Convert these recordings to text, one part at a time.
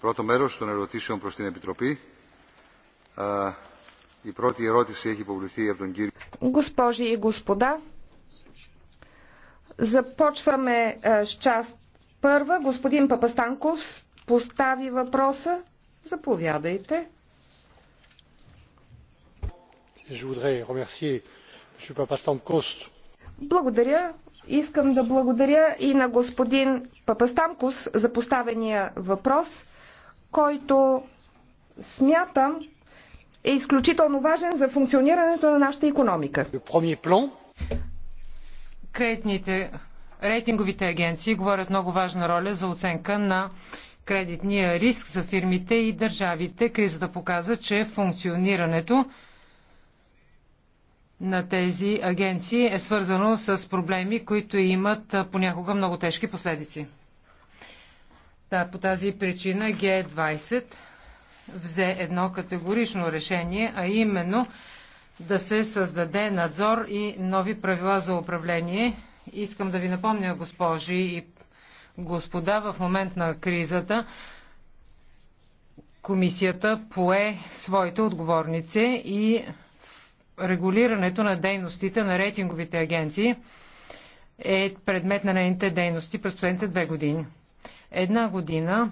πρώτο μέρος των ερωτήσεων προς την Επιτροπή. Η πρώτη ερώτηση έχει υποβληθεί από τον κύριο... Госпожи и господа, започваме с част първа. Господин Папастанков постави въпроса. Заповядайте. Je voudrais remercier M. Papastamkos. Благодаря Искам да благодаря и на господин Папастанкус за поставения въпрос, който смятам е изключително важен за функционирането на нашата економика. Кредитните рейтинговите агенции говорят много важна роля за оценка на кредитния риск за фирмите и държавите. Кризата показа, че функционирането на тези агенции е свързано с проблеми, които имат понякога много тежки последици. Да, по тази причина Г20 взе едно категорично решение, а именно да се създаде надзор и нови правила за управление. Искам да ви напомня, госпожи и господа, в момент на кризата комисията пое своите отговорници и регулирането на дейностите на рейтинговите агенции е предмет на нейните дейности през последните две години. Една година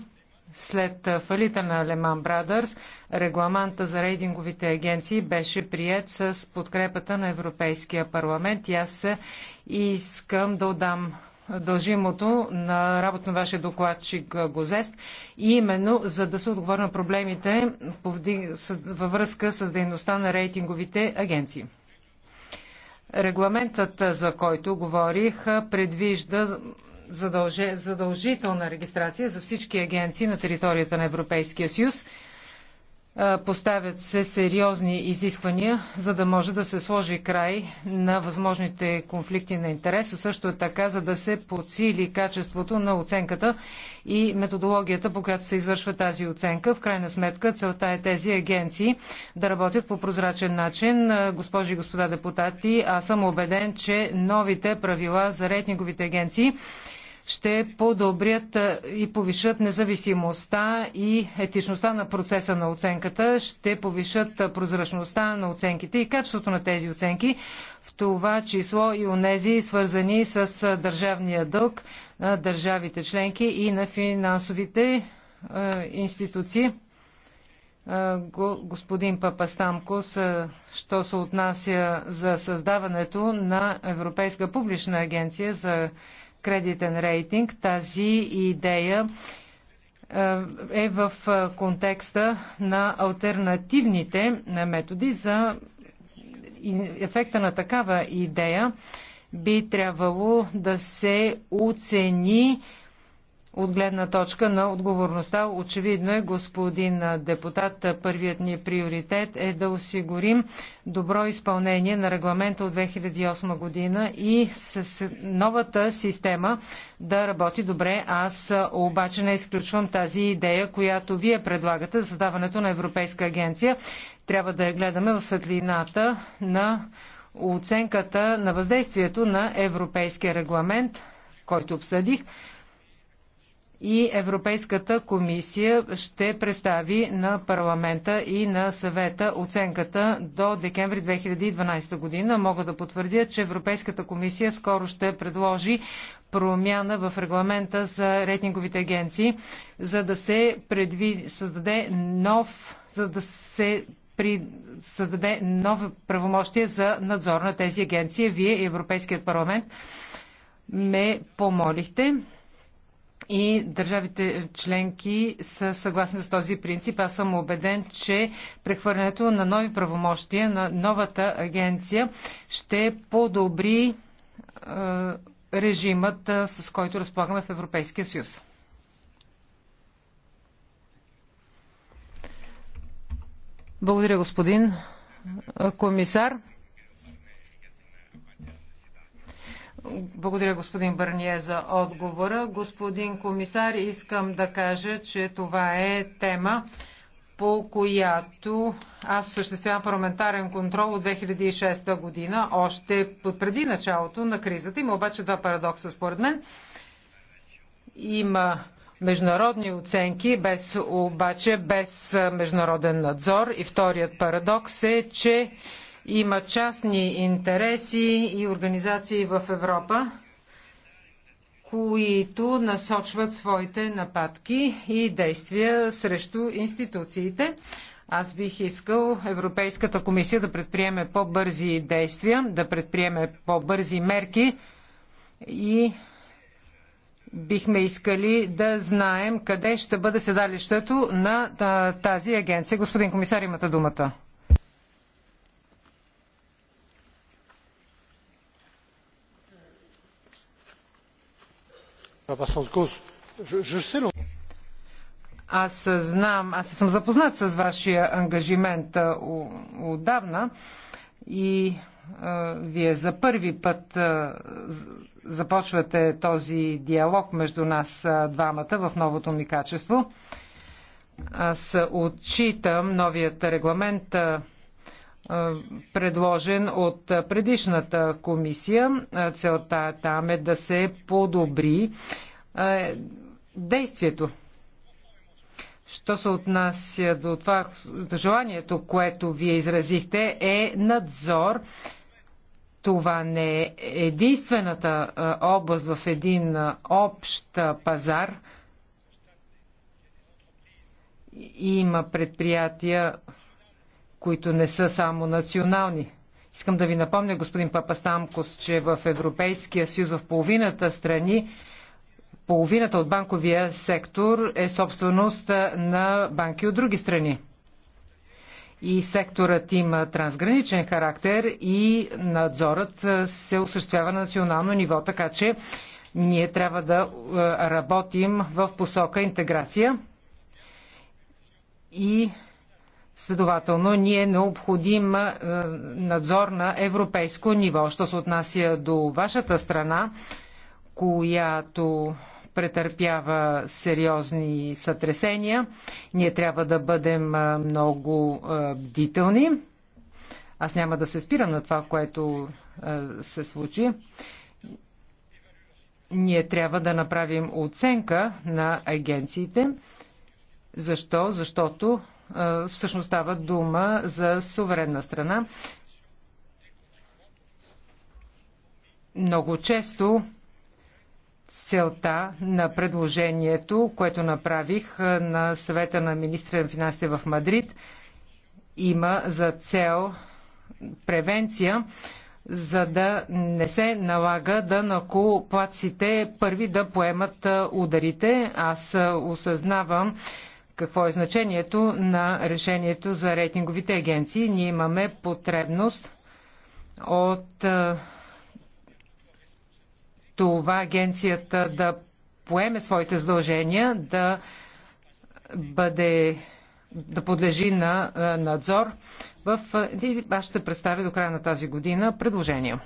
след фалита на Lehman Brothers, регламента за рейтинговите агенции беше прият с подкрепата на Европейския парламент и аз искам да отдам дължимото на работа на вашия докладчик Гозест, и именно за да се отговори на проблемите във връзка с дейността на рейтинговите агенции. Регламентът, за който говорих, предвижда задължителна регистрация за всички агенции на територията на Европейския съюз – Поставят се сериозни изисквания, за да може да се сложи край на възможните конфликти на интерес, също е така, за да се подсили качеството на оценката и методологията, по която се извършва тази оценка. В крайна сметка целта е тези агенции да работят по прозрачен начин. Госпожи и господа депутати, аз съм убеден, че новите правила за рейтинговите агенции ще подобрят и повишат независимостта и етичността на процеса на оценката, ще повишат прозрачността на оценките и качеството на тези оценки, в това число и онези свързани с държавния дълг на държавите членки и на финансовите институции. Господин Папастамкос, що се отнася за създаването на Европейска публична агенция за кредитен рейтинг. Тази идея е, е в е, контекста на альтернативните е, методи за ефекта на такава идея би трябвало да се оцени от гледна точка на отговорността. Очевидно е, господин депутат, първият ни приоритет е да осигурим добро изпълнение на регламента от 2008 година и с новата система да работи добре. Аз обаче не изключвам тази идея, която вие предлагате за създаването на Европейска агенция. Трябва да я гледаме в светлината на оценката на въздействието на Европейския регламент, който обсъдих, и Европейската комисия ще представи на парламента и на съвета оценката до декември 2012 година. Мога да потвърдя, че Европейската комисия скоро ще предложи промяна в регламента за рейтинговите агенции, за да се предвид, създаде нов, за да се при създаде нови правомощия за надзор на тези агенции. Вие и Европейският парламент ме помолихте и държавите членки са съгласни с този принцип. Аз съм убеден, че прехвърлянето на нови правомощия на новата агенция ще подобри е, режимът, е, с който разполагаме в Европейския съюз. Благодаря, господин е, комисар. Благодаря, господин Бърние, за отговора. Господин комисар, искам да кажа, че това е тема, по която аз съществявам парламентарен контрол от 2006 година, още преди началото на кризата. Има обаче два парадокса според мен. Има международни оценки, без, обаче без международен надзор. И вторият парадокс е, че има частни интереси и организации в Европа, които насочват своите нападки и действия срещу институциите. Аз бих искал Европейската комисия да предприеме по-бързи действия, да предприеме по-бързи мерки и бихме искали да знаем къде ще бъде седалището на тази агенция. Господин комисар, имате думата. Аз знам, аз съм запознат с вашия ангажимент отдавна и а, вие за първи път а, започвате този диалог между нас а, двамата в новото ми качество. Аз отчитам новият регламент. А, предложен от предишната комисия. Целта там е да се подобри действието. Що се отнася до това, желанието, което вие изразихте, е надзор. Това не е единствената област в един общ пазар. Има предприятия, които не са само национални. Искам да ви напомня, господин Папастамкос, че в Европейския съюз в половината страни половината от банковия сектор е собственост на банки от други страни. И секторът има трансграничен характер и надзорът се осъществява на национално ниво, така че ние трябва да е, работим в посока интеграция и Следователно, ни е необходим е, надзор на европейско ниво. Що се отнася до вашата страна, която претърпява сериозни сътресения, ние трябва да бъдем е, много е, бдителни. Аз няма да се спирам на това, което се случи. Ние трябва да направим оценка на агенциите. Защо? Защото всъщност става дума за суверенна страна. Много често целта на предложението, което направих на съвета на министра на финансите в Мадрид, има за цел превенция, за да не се налага да накоплаците първи да поемат ударите. Аз осъзнавам, какво е значението на решението за рейтинговите агенции. Ние имаме потребност от е, това агенцията да поеме своите задължения, да бъде да подлежи на е, надзор. В... Е, аз ще представя до края на тази година предложения.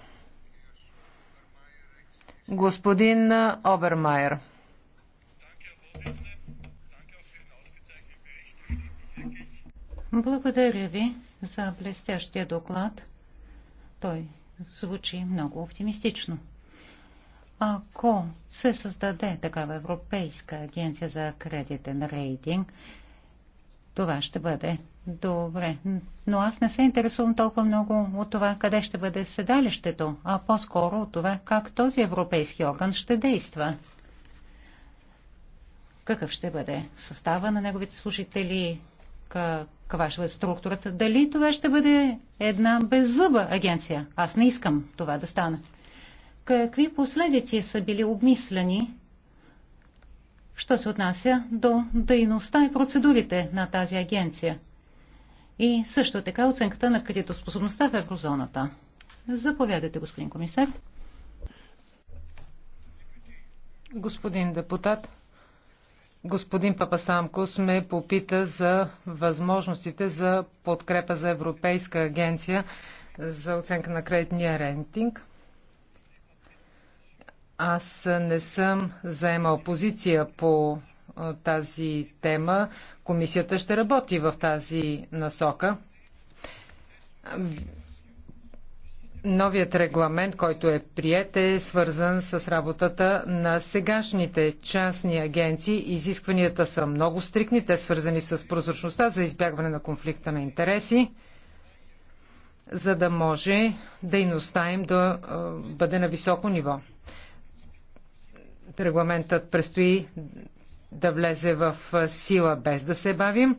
Господин Обермайер. Благодаря ви за блестящия доклад. Той звучи много оптимистично. Ако се създаде такава Европейска агенция за кредитен рейтинг, това ще бъде добре. Но аз не се интересувам толкова много от това къде ще бъде седалището, а по-скоро от това как този европейски орган ще действа. Какъв ще бъде състава на неговите служители, как бъде структурата. Дали това ще бъде една беззъба агенция? Аз не искам това да стане. Какви последици са били обмислени, що се отнася до дейността и процедурите на тази агенция? И също така оценката на кредитоспособността в еврозоната. Заповядайте, господин комисар. Господин депутат, Господин Папасамкос ме попита за възможностите за подкрепа за Европейска агенция за оценка на кредитния рейтинг. Аз не съм заемал позиция по тази тема. Комисията ще работи в тази насока. Новият регламент, който е прият, е свързан с работата на сегашните частни агенции. Изискванията са много стрикни, те свързани с прозрачността за избягване на конфликта на интереси, за да може дейността им да бъде на високо ниво. Регламентът предстои да влезе в сила без да се бавим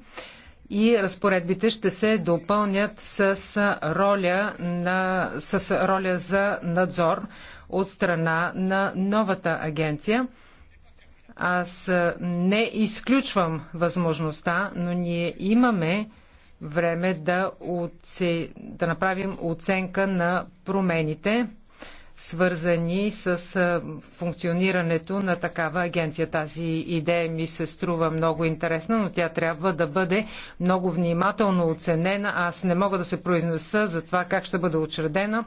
и разпоредбите ще се допълнят с роля, на, с роля за надзор от страна на новата агенция. Аз не изключвам възможността, но ние имаме време да, оце... да направим оценка на промените свързани с функционирането на такава агенция. Тази идея ми се струва много интересна, но тя трябва да бъде много внимателно оценена. Аз не мога да се произнеса за това как ще бъде учредена.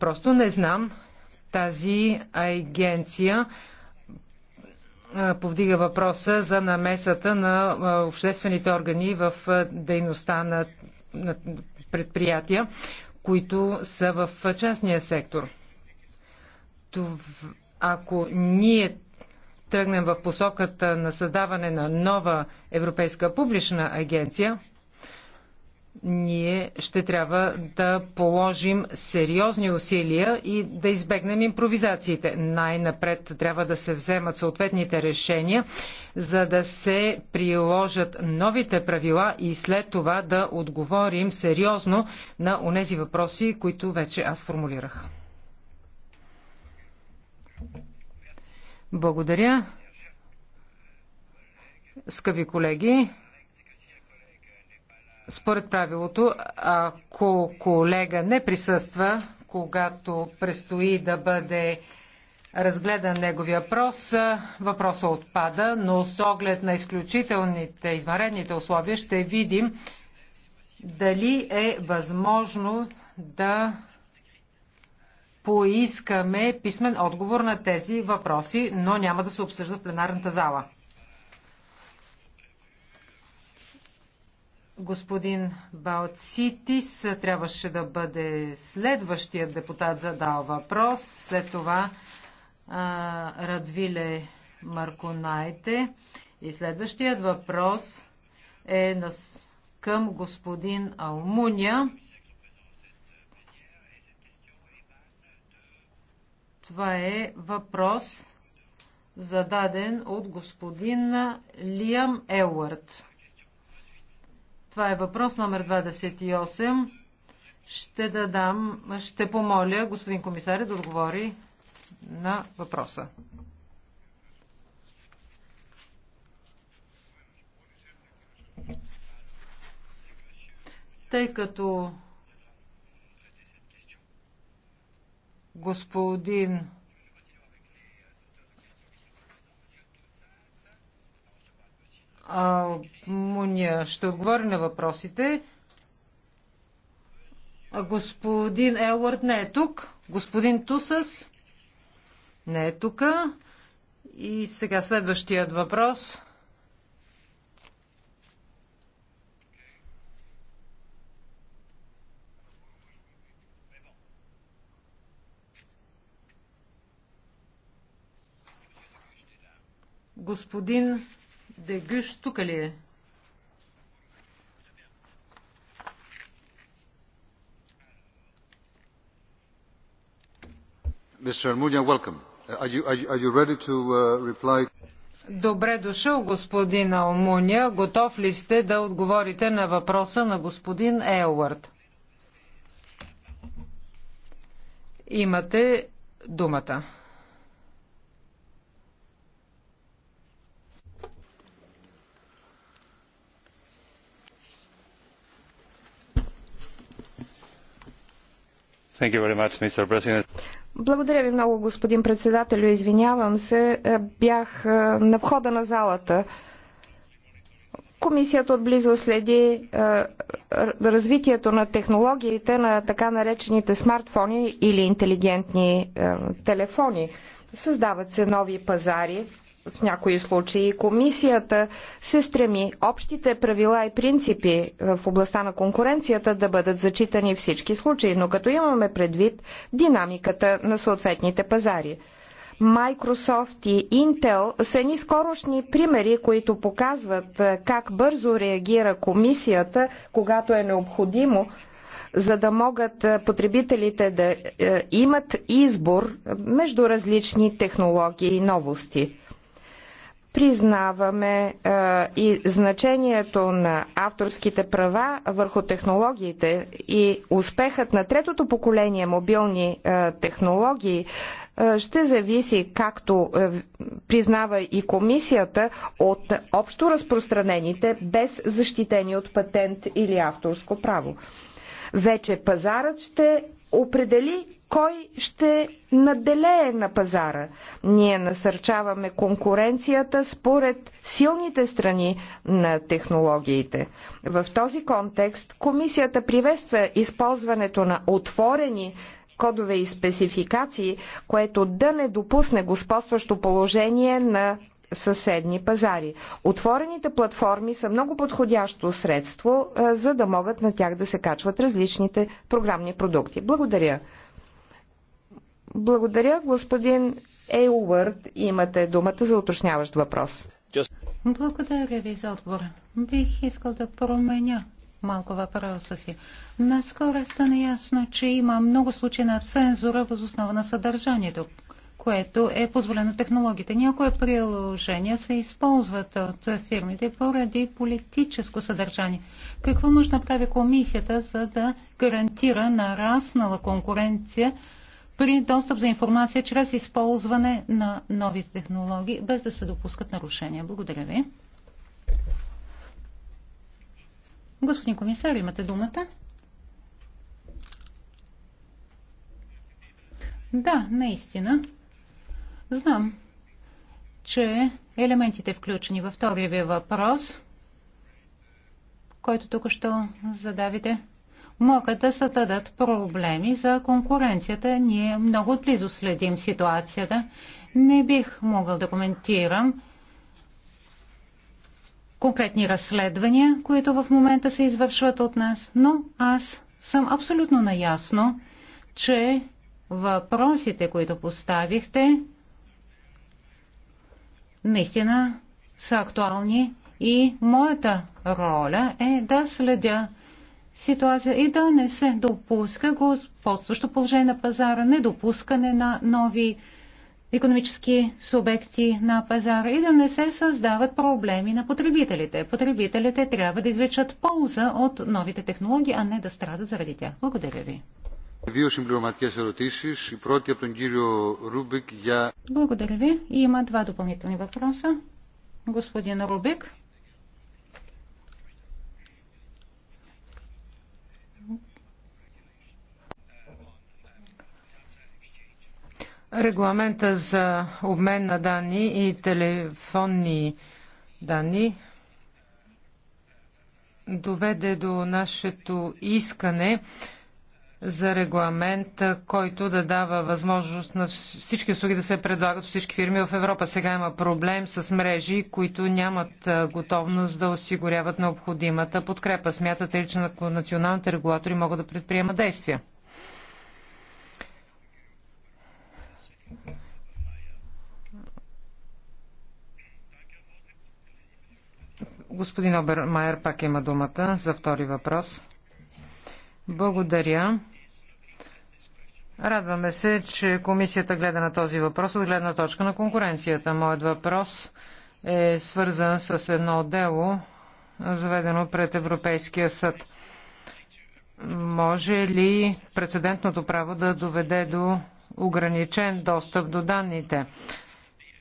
Просто не знам. Тази агенция повдига въпроса за намесата на обществените органи в дейността на предприятия които са в частния сектор. Ако ние тръгнем в посоката на създаване на нова Европейска публична агенция, ние ще трябва да положим сериозни усилия и да избегнем импровизациите. Най-напред трябва да се вземат съответните решения, за да се приложат новите правила и след това да отговорим сериозно на онези въпроси, които вече аз формулирах. Благодаря. Скъпи колеги, според правилото, ако колега не присъства, когато предстои да бъде разгледан неговия въпрос, въпросът отпада, но с оглед на изключителните, измаредните условия ще видим дали е възможно да поискаме писмен отговор на тези въпроси, но няма да се обсъжда в пленарната зала. Господин Балцитис трябваше да бъде следващия депутат задал въпрос. След това а, Радвиле Марконайте. И следващият въпрос е на, към господин Алмуня. Това е въпрос зададен от господин Лиам Елвард. Това е въпрос номер 28. Ще дадам, ще помоля господин комисаря да отговори на въпроса. Тъй като господин Муния ще отговори на въпросите. Господин Елвард не е тук. Господин Тусас не е тук. И сега следващият въпрос. Господин Дегюш тук ли е? Добре дошъл, господин Алмуня. Готов ли сте да отговорите на въпроса на господин Елвард? Имате думата. Благодаря ви много, господин председателю. Извинявам се, бях на входа на залата. Комисията отблизо следи развитието на технологиите на така наречените смартфони или интелигентни телефони. Създават се нови пазари в някои случаи комисията се стреми общите правила и принципи в областта на конкуренцията да бъдат зачитани всички случаи, но като имаме предвид динамиката на съответните пазари. Microsoft и Intel са ни скорошни примери, които показват е, как бързо реагира комисията, когато е необходимо, за да могат е, потребителите да е, имат избор между различни технологии и новости признаваме а, и значението на авторските права върху технологиите и успехът на третото поколение мобилни а, технологии а, ще зависи, както а, признава и комисията, от общо разпространените без защитени от патент или авторско право. Вече пазарът ще определи кой ще наделее на пазара. Ние насърчаваме конкуренцията според силните страни на технологиите. В този контекст комисията приветства използването на отворени кодове и спецификации, което да не допусне господстващо положение на съседни пазари. Отворените платформи са много подходящо средство, за да могат на тях да се качват различните програмни продукти. Благодаря. Благодаря, господин Ейлвард. Имате думата за уточняващ въпрос. Благодаря ви за отговора. Бих искал да променя малко въпроса си. Наскоро стана ясно, че има много случаи на цензура въз основа на съдържанието, което е позволено технологията. Някои приложения се използват от фирмите поради политическо съдържание. Какво може да прави комисията, за да гарантира нараснала конкуренция при достъп за информация чрез използване на новите технологии, без да се допускат нарушения. Благодаря ви. Господин комисар, имате думата. Да, наистина. Знам, че елементите включени във втория ви въпрос, който тук що задавите, могат да създадат проблеми за конкуренцията. Ние много близо следим ситуацията. Не бих могъл да коментирам конкретни разследвания, които в момента се извършват от нас, но аз съм абсолютно наясно, че въпросите, които поставихте, наистина са актуални и моята роля е да следя ситуация и да не се допуска господстващо положение на пазара, недопускане на нови економически субекти на пазара и да не се създават проблеми на потребителите. Потребителите трябва да извлечат полза от новите технологии, а не да страдат заради тях. Благодаря ви. Благодаря ви. Има два допълнителни въпроса. Господин Рубик. Регламента за обмен на данни и телефонни данни доведе до нашето искане за регламент, който да дава възможност на всички услуги да се предлагат всички фирми в Европа. Сега има проблем с мрежи, които нямат готовност да осигуряват необходимата подкрепа. Смятате ли, че националните регулатори могат да предприемат действия? Господин Обермайер пак има думата за втори въпрос. Благодаря. Радваме се, че комисията гледа на този въпрос от гледна точка на конкуренцията. Моят въпрос е свързан с едно дело, заведено пред Европейския съд. Може ли прецедентното право да доведе до ограничен достъп до данните.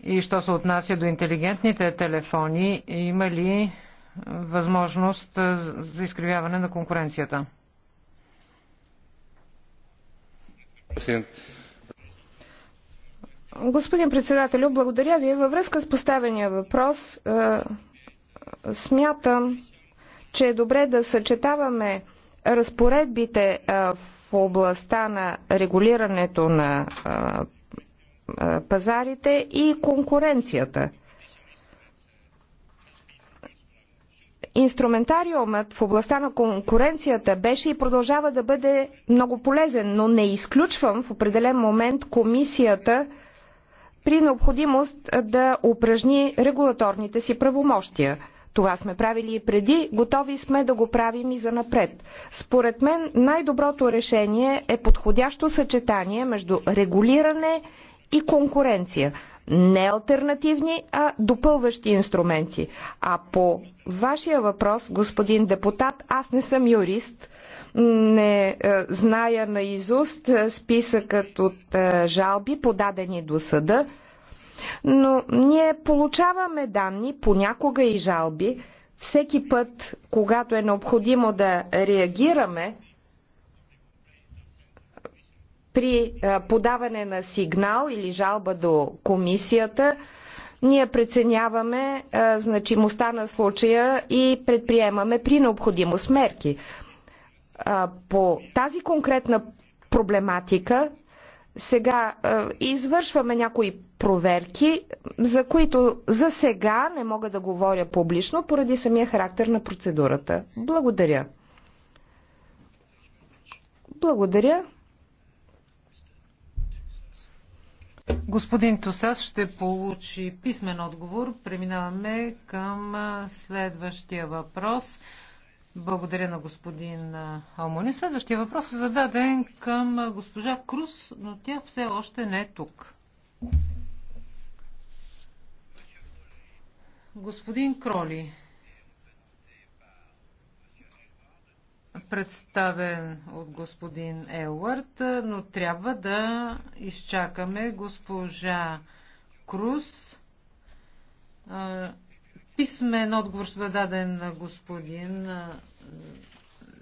И що се отнася до интелигентните телефони, има ли е, възможност за изкривяване на конкуренцията? Господин председателю, благодаря ви. Във връзка с поставения въпрос, е, смятам, че е добре да съчетаваме разпоредбите в областта на регулирането на пазарите и конкуренцията. Инструментариумът в областта на конкуренцията беше и продължава да бъде много полезен, но не изключвам в определен момент комисията при необходимост да упражни регулаторните си правомощия. Това сме правили и преди, готови сме да го правим и за напред. Според мен най-доброто решение е подходящо съчетание между регулиране и конкуренция. Не альтернативни, а допълващи инструменти. А по вашия въпрос, господин депутат, аз не съм юрист, не е, зная наизуст списъкът от е, жалби, подадени до съда но ние получаваме данни, понякога и жалби. Всеки път, когато е необходимо да реагираме при подаване на сигнал или жалба до комисията, ние преценяваме значимостта на случая и предприемаме при необходимост мерки. по тази конкретна проблематика сега е, извършваме някои проверки, за които за сега не мога да говоря публично, поради самия характер на процедурата. Благодаря. Благодаря. Господин Тосас ще получи писмен отговор. Преминаваме към следващия въпрос. Благодаря на господин Алмони. Следващия въпрос е зададен към госпожа Крус, но тя все още не е тук. Господин Кроли, представен от господин Елвард, но трябва да изчакаме госпожа Крус. Писмен отговор ще бъде даден на господин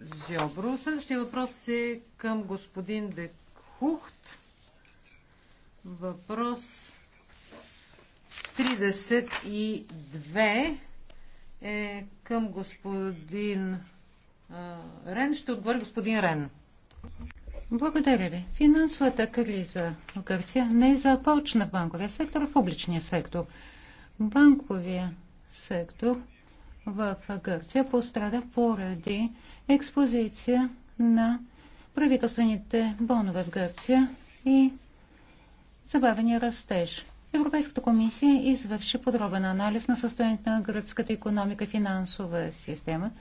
Зьобро. Следващия въпрос е към господин Декхухт. Въпрос 32 е към господин Рен. Ще отговори господин Рен. Благодаря ви. Финансовата криза в Гърция не започна в банковия сектор, а в публичния сектор. Банковия сектор в Гърция пострада поради експозиция на правителствените бонове в Гърция и забавения растеж. Европейската комисия извърши подробен анализ на състоянието на гръцката економика и финансова система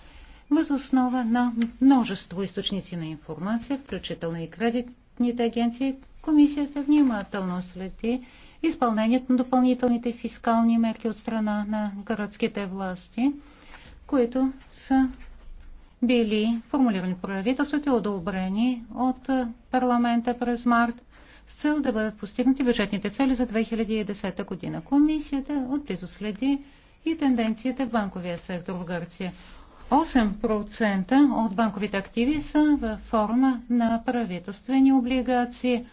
въз основа на множество източници на информация, включително и кредитните агенции. Комисията внимателно следи изпълнението на допълнителните фискални мерки от страна на гръцките власти, които са били формулирани правителството и одобрени от парламента през март с цел да бъдат постигнати бюджетните цели за 2010 година. Комисията отблизо следи и тенденцията в банковия сектор в Гърция. 8% от банковите активи са в форма на правителствени облигации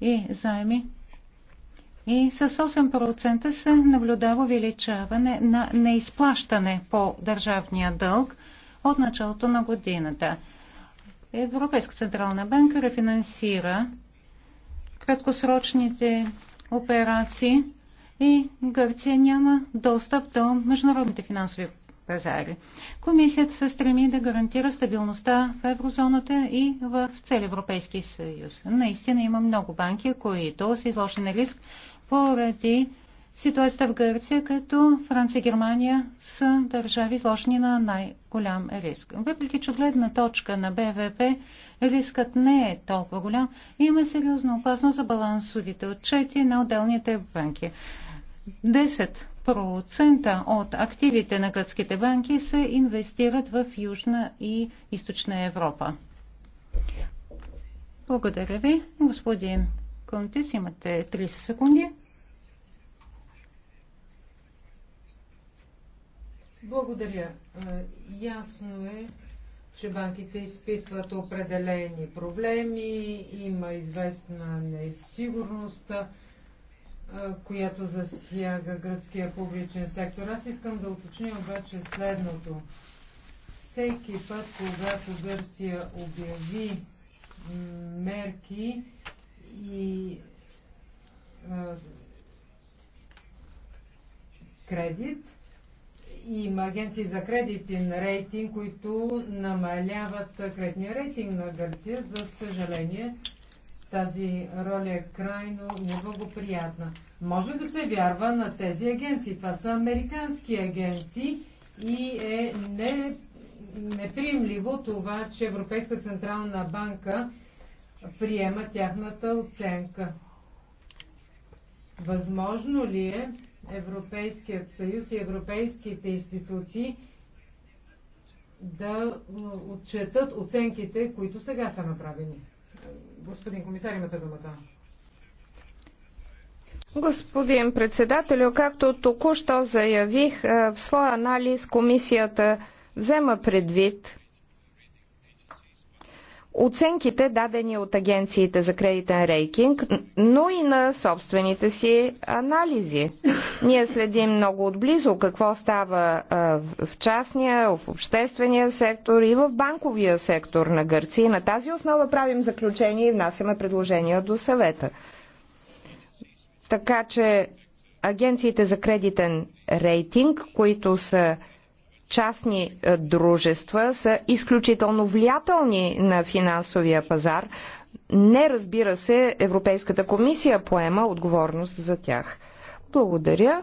и заеми и с 8% се наблюдава увеличаване на неизплащане по държавния дълг от началото на годината. Европейска централна банка рефинансира краткосрочните операции и Гърция няма достъп до международните финансови пазари. Комисията се стреми да гарантира стабилността в еврозоната и в цел Европейски съюз. Наистина има много банки, които са изложени на риск поради ситуацията в Гърция, като Франция и Германия са държави изложени на най-голям риск. Въпреки, че гледна точка на БВП рискът не е толкова голям, има сериозна опасност за балансовите отчети на отделните банки. 10% от активите на гръцките банки се инвестират в Южна и Източна Европа. Благодаря ви, господин Контес, имате 30 секунди. Благодаря. Е, ясно е, че банките изпитват определени проблеми, има известна несигурност, е, която засяга гръцкия публичен сектор. Аз искам да уточня обаче следното. Всеки път, когато Гърция обяви мерки, и а, кредит. Има агенции за кредитен рейтинг, които намаляват кредитния рейтинг на Гърция. За съжаление, тази роля е крайно неблагоприятна. Може да се вярва на тези агенции. Това са американски агенции и е не, неприемливо това, че Европейска централна банка приема тяхната оценка. Възможно ли е Европейският съюз и европейските институции да отчетат оценките, които сега са направени? Господин комисар, имате думата. Господин председател, както току-що заявих, в своя анализ комисията взема предвид оценките, дадени от агенциите за кредитен рейтинг, но и на собствените си анализи. Ние следим много отблизо какво става в частния, в обществения сектор и в банковия сектор на Гърция. На тази основа правим заключение и внасяме предложения до съвета. Така че агенциите за кредитен рейтинг, които са частни е, дружества са изключително влиятелни на финансовия пазар. Не разбира се, Европейската комисия поема отговорност за тях. Благодаря.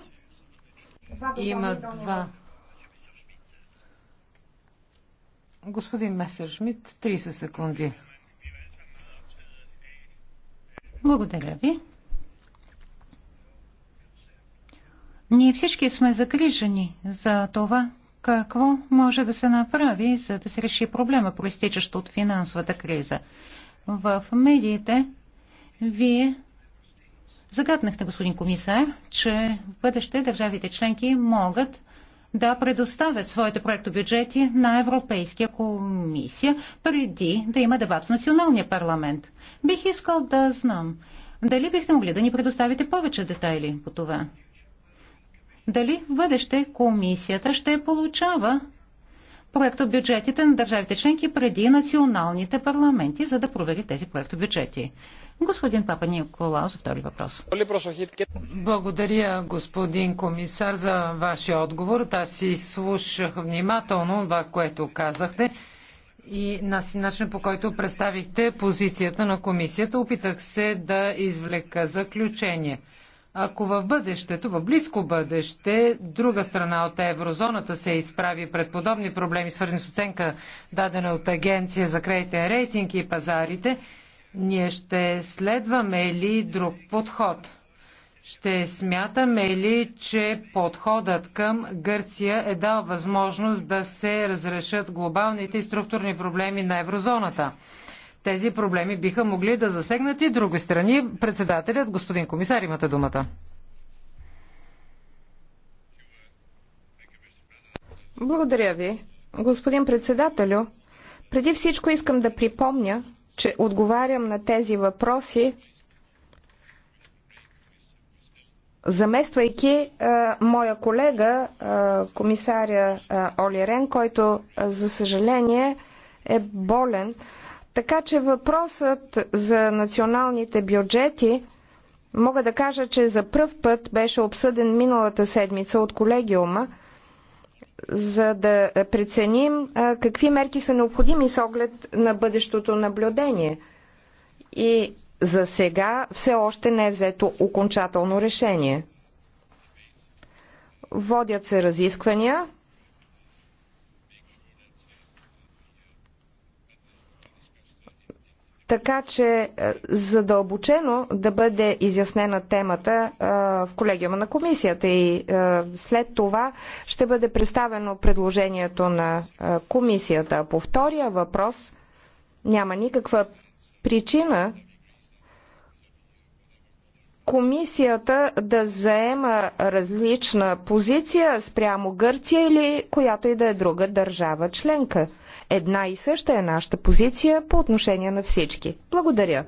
Има два. Господин Месершмит, 30 секунди. Благодаря ви. Ние всички сме загрижени за това, какво може да се направи, за да се реши проблема, проистичащ от финансовата криза. В медиите вие загаднахте, господин комисар, че в бъдеще държавите членки могат да предоставят своите проектобюджети на Европейския комисия преди да има дебат в националния парламент. Бих искал да знам, дали бихте могли да ни предоставите повече детайли по това? дали в бъдеще комисията ще получава проектобюджетите на държавите членки преди националните парламенти, за да провери тези проектобюджети. Господин Папа Николао за втори въпрос. Благодаря, господин комисар, за вашия отговор. Аз си слушах внимателно това, което казахте и начин по който представихте позицията на комисията. Опитах се да извлека заключение – ако в бъдещето, в близко бъдеще, друга страна от еврозоната се изправи пред подобни проблеми, свързани с оценка, дадена от Агенция за кредитен рейтинг и пазарите, ние ще следваме ли друг подход? Ще смятаме ли, че подходът към Гърция е дал възможност да се разрешат глобалните и структурни проблеми на еврозоната? Тези проблеми биха могли да засегнат и други страни. Председателят, господин комисар, имате думата. Благодаря ви. Господин председателю, преди всичко искам да припомня, че отговарям на тези въпроси, замествайки а, е, моя колега, а, е, комисаря а, е, Оли Рен, който, а, за съжаление, е болен. Така че въпросът за националните бюджети мога да кажа, че за пръв път беше обсъден миналата седмица от колегиума, за да преценим какви мерки са необходими с оглед на бъдещото наблюдение. И за сега все още не е взето окончателно решение. Водят се разисквания така че е, задълбочено да бъде изяснена темата е, в колегиума на комисията и е, след това ще бъде представено предложението на комисията. По втория въпрос няма никаква причина комисията да заема различна позиция спрямо Гърция или която и да е друга държава членка – Една и съща е нашата позиция по отношение на всички. Благодаря.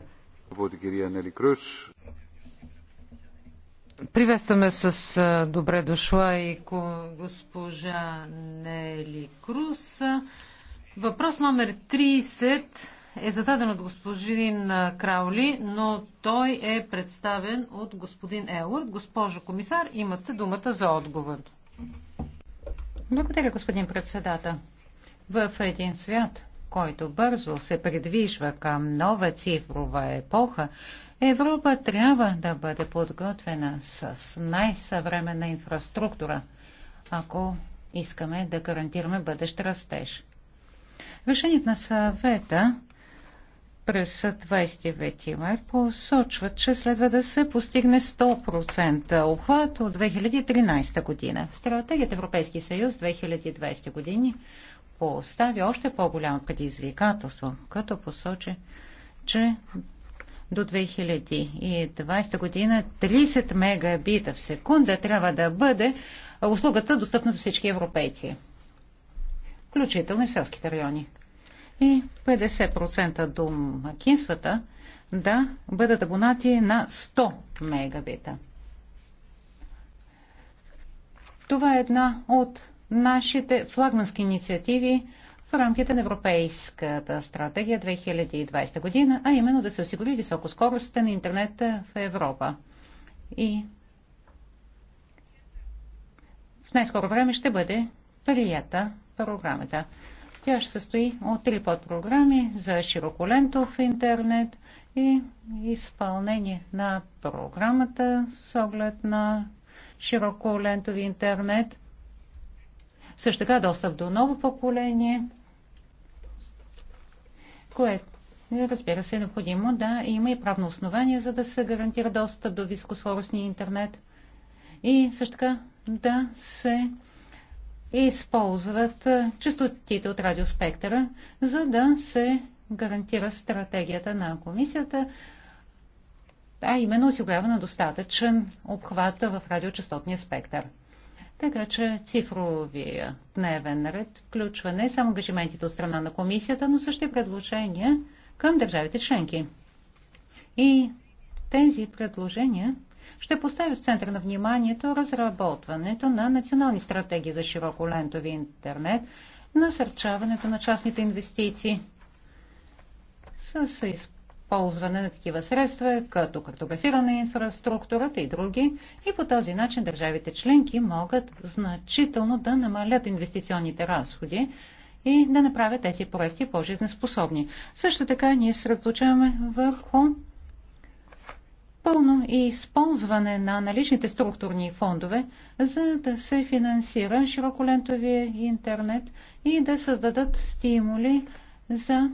Приветстваме с добре дошла и госпожа Нели Круз. Въпрос номер 30 е зададен от господин Краули, но той е представен от господин Елърд. Госпожо комисар, имате думата за отговор. Благодаря, господин председател. В един свят, който бързо се придвижва към нова цифрова епоха, Европа трябва да бъде подготвена с най-съвременна инфраструктура, ако искаме да гарантираме бъдещ растеж. Решението на съвета през 29 май посочва, че следва да се постигне 100% обхват от 2013 година. В стратегията Европейски съюз 2020 години постави още по-голямо предизвикателство, като посочи, че до 2020 година 30 мегабита в секунда трябва да бъде услугата достъпна за всички европейци, включително и в селските райони. И 50% домакинствата да бъдат абонати на 100 мегабита. Това е една от нашите флагмански инициативи в рамките на Европейската стратегия 2020 година, а именно да се осигури на интернет в Европа. И в най-скоро време ще бъде прията програмата. Тя ще състои от три подпрограми за широколентов интернет и изпълнение на програмата с оглед на широколентови интернет – също така достъп до ново поколение, което разбира се е необходимо да има и правно основание, за да се гарантира достъп до високоскоростния интернет и също така да се използват частотите от радиоспектъра, за да се гарантира стратегията на комисията, а именно осигурява на достатъчен обхват в радиочастотния спектър. Така че цифровия дневен ред включва не само ангажиментите от страна на комисията, но също и предложения към държавите членки. И тези предложения ще поставят в център на вниманието разработването на национални стратегии за широколентови интернет, насърчаването на частните инвестиции с ползване на такива средства, като картографиране на инфраструктурата и други. И по този начин държавите членки могат значително да намалят инвестиционните разходи и да направят тези проекти по-жизнеспособни. Също така ние средоточаваме върху пълно и използване на наличните структурни фондове, за да се финансира широколентовия интернет и да създадат стимули за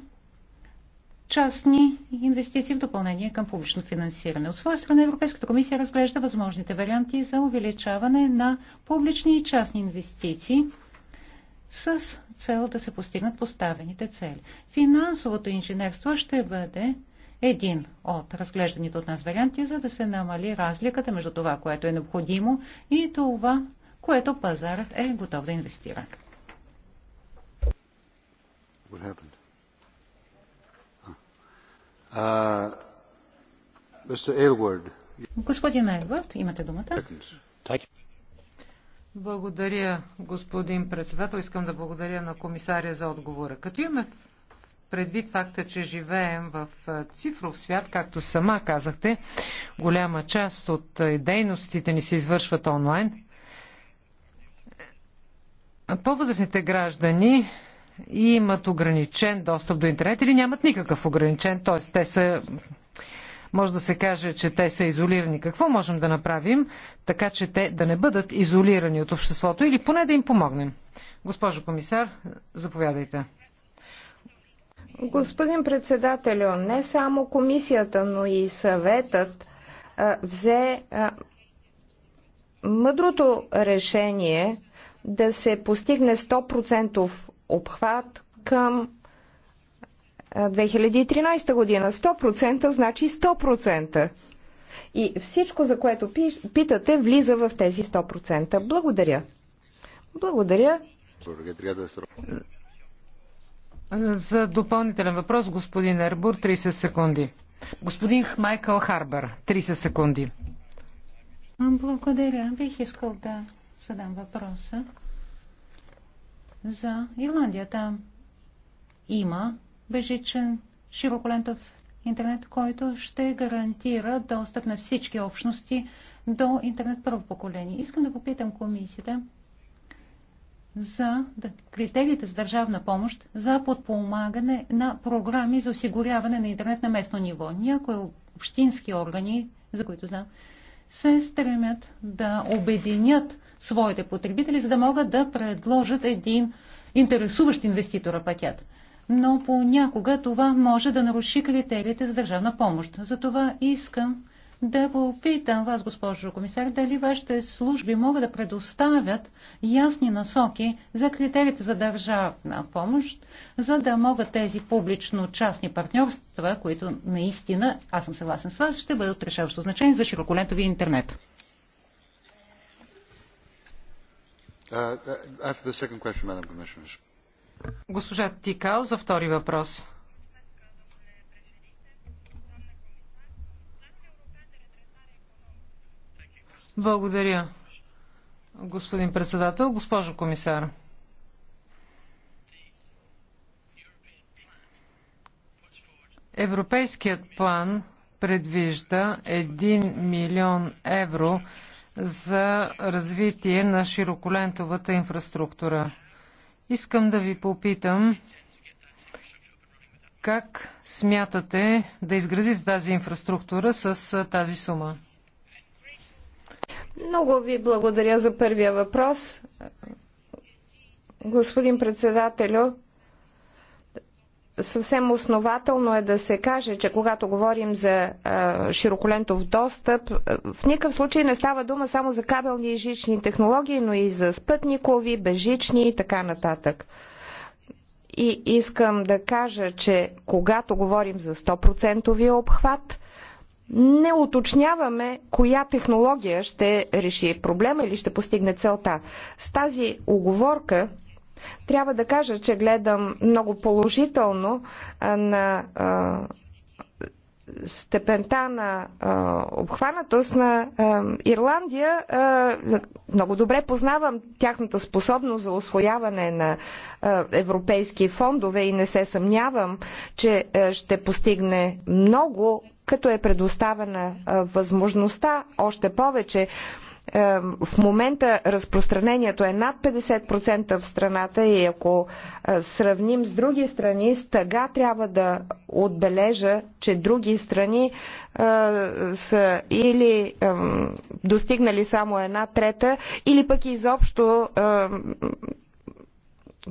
частни инвестиции в допълнение към публично финансиране. От своя страна Европейската комисия разглежда възможните варианти за увеличаване на публични и частни инвестиции с цел да се постигнат поставените цели. Финансовото инженерство ще бъде един от разглежданите от нас варианти, за да се намали разликата между това, което е необходимо и това, което пазарът е готов да инвестира. What happened? Uh, господин Елвард, имате думата. Благодаря, господин председател. Искам да благодаря на комисаря за отговора. Като имаме предвид факта, че живеем в цифров свят, както сама казахте, голяма част от дейностите ни се извършват онлайн. По-възрастните граждани и имат ограничен достъп до интернет или нямат никакъв ограничен, т.е. те са може да се каже, че те са изолирани. Какво можем да направим, така че те да не бъдат изолирани от обществото или поне да им помогнем? Госпожо комисар, заповядайте. Господин председателю, не само комисията, но и съветът а, взе а, мъдрото решение да се постигне 100% обхват към 2013 година. 100% значи 100%. И всичко, за което питате, влиза в тези 100%. Благодаря. Благодаря. За допълнителен въпрос, господин Ербур, 30 секунди. Господин Майкъл Харбър, 30 секунди. Благодаря. Бих искал да задам въпроса за Ирландия. Там има бежичен широколентов интернет, който ще гарантира достъп на всички общности до интернет първо поколение. Искам да попитам комисията за критериите за държавна помощ за подпомагане на програми за осигуряване на интернет на местно ниво. Някои общински органи, за които знам, се стремят да обединят своите потребители, за да могат да предложат един интересуващ инвеститора пакет. Но понякога това може да наруши критериите за държавна помощ. Затова искам да попитам вас, госпожо комисар, дали вашите служби могат да предоставят ясни насоки за критериите за държавна помощ, за да могат тези публично-частни партньорства, които наистина, аз съм съгласен с вас, ще бъдат решаващо значение за широколентови интернет. Uh, uh, Госпожа Тикал за втори въпрос. Благодаря, господин председател. Госпожо комисар. Европейският план предвижда 1 милион евро за развитие на широколентовата инфраструктура. Искам да ви попитам как смятате да изградите тази инфраструктура с тази сума? Много ви благодаря за първия въпрос. Господин председателю, съвсем основателно е да се каже, че когато говорим за а, широколентов достъп, в никакъв случай не става дума само за кабелни и жични технологии, но и за спътникови, бежични и така нататък. И искам да кажа, че когато говорим за 100% обхват, не уточняваме коя технология ще реши проблема или ще постигне целта. С тази оговорка трябва да кажа, че гледам много положително на степента на а, обхванатост на а, Ирландия. А, много добре познавам тяхната способност за освояване на а, европейски фондове и не се съмнявам, че а, ще постигне много, като е предоставена а, възможността още повече а, в момента разпространението е над 50% в страната и ако е, сравним с други страни, с тъга трябва да отбележа, че други страни е, са или достигнали само една трета, или пък изобщо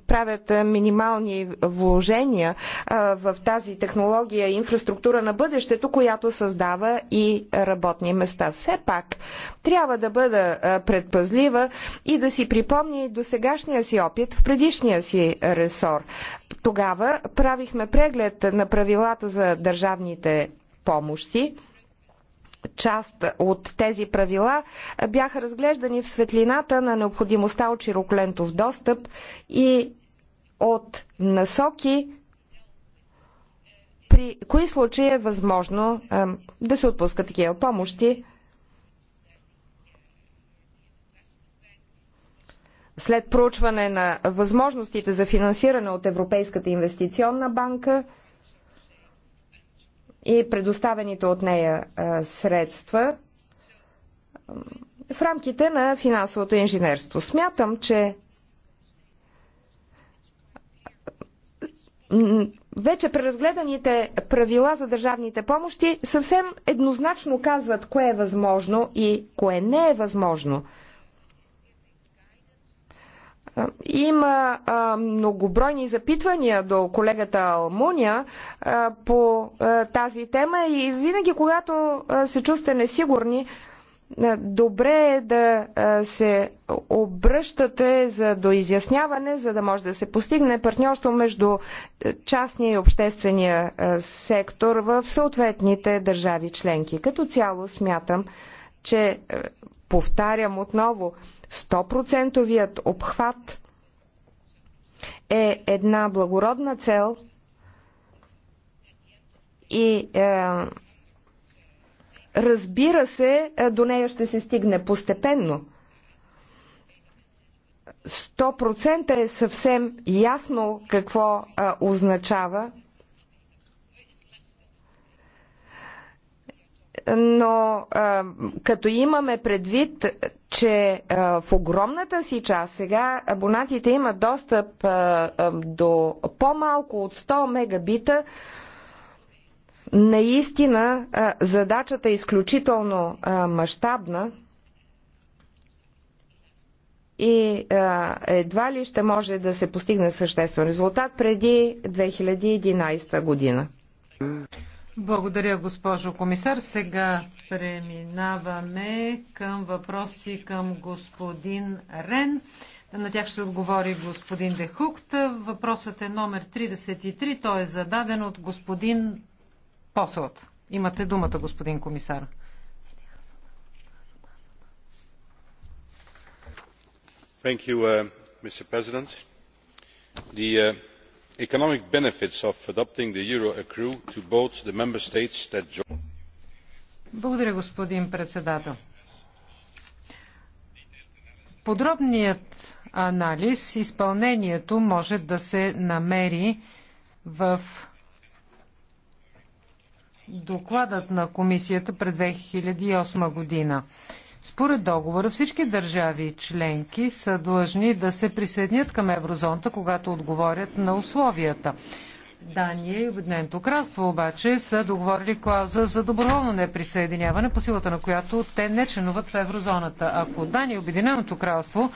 правят минимални вложения в тази технология и инфраструктура на бъдещето, която създава и работни места. Все пак трябва да бъда предпазлива и да си припомня и до сегашния си опит в предишния си ресор. Тогава правихме преглед на правилата за държавните помощи част от тези правила бяха разглеждани в светлината на необходимостта от широколентов достъп и от насоки, при кои случаи е възможно да се отпускат такива помощи. След проучване на възможностите за финансиране от Европейската инвестиционна банка – и предоставените от нея средства в рамките на финансовото инженерство. Смятам, че вече преразгледаните правила за държавните помощи съвсем еднозначно казват кое е възможно и кое не е възможно – има многобройни запитвания до колегата Алмуния по тази тема и винаги, когато се чувствате несигурни, добре е да се обръщате за доизясняване, за да може да се постигне партньорство между частния и обществения сектор в съответните държави членки. Като цяло смятам, че повтарям отново, 100% обхват е една благородна цел и е, разбира се, е, до нея ще се стигне постепенно. 100% е съвсем ясно какво а, е, означава но а, като имаме предвид, че а, в огромната си част сега абонатите имат достъп а, а, до по-малко от 100 мегабита, наистина а, задачата е изключително а, мащабна и а, едва ли ще може да се постигне съществен резултат преди 2011 година. Благодаря, госпожо комисар. Сега преминаваме към въпроси към господин Рен. На тях ще отговори господин Дехукт. Въпросът е номер 33. Той е зададен от господин Посълт. Имате думата, господин комисар. Thank you, uh, Mr. President. The uh, economic benefits of adopting the euro accrue to both the member states that join. Благодаря, господин председател. Подробният анализ, изпълнението може да се намери в докладът на комисията пред 2008 година. Според договора всички държави членки са длъжни да се присъединят към еврозоната, когато отговорят на условията. Дания и Обединеното кралство обаче са договорили клауза за доброволно неприсъединяване, по силата на която те не членуват в еврозоната. Ако Дания и Обединеното кралство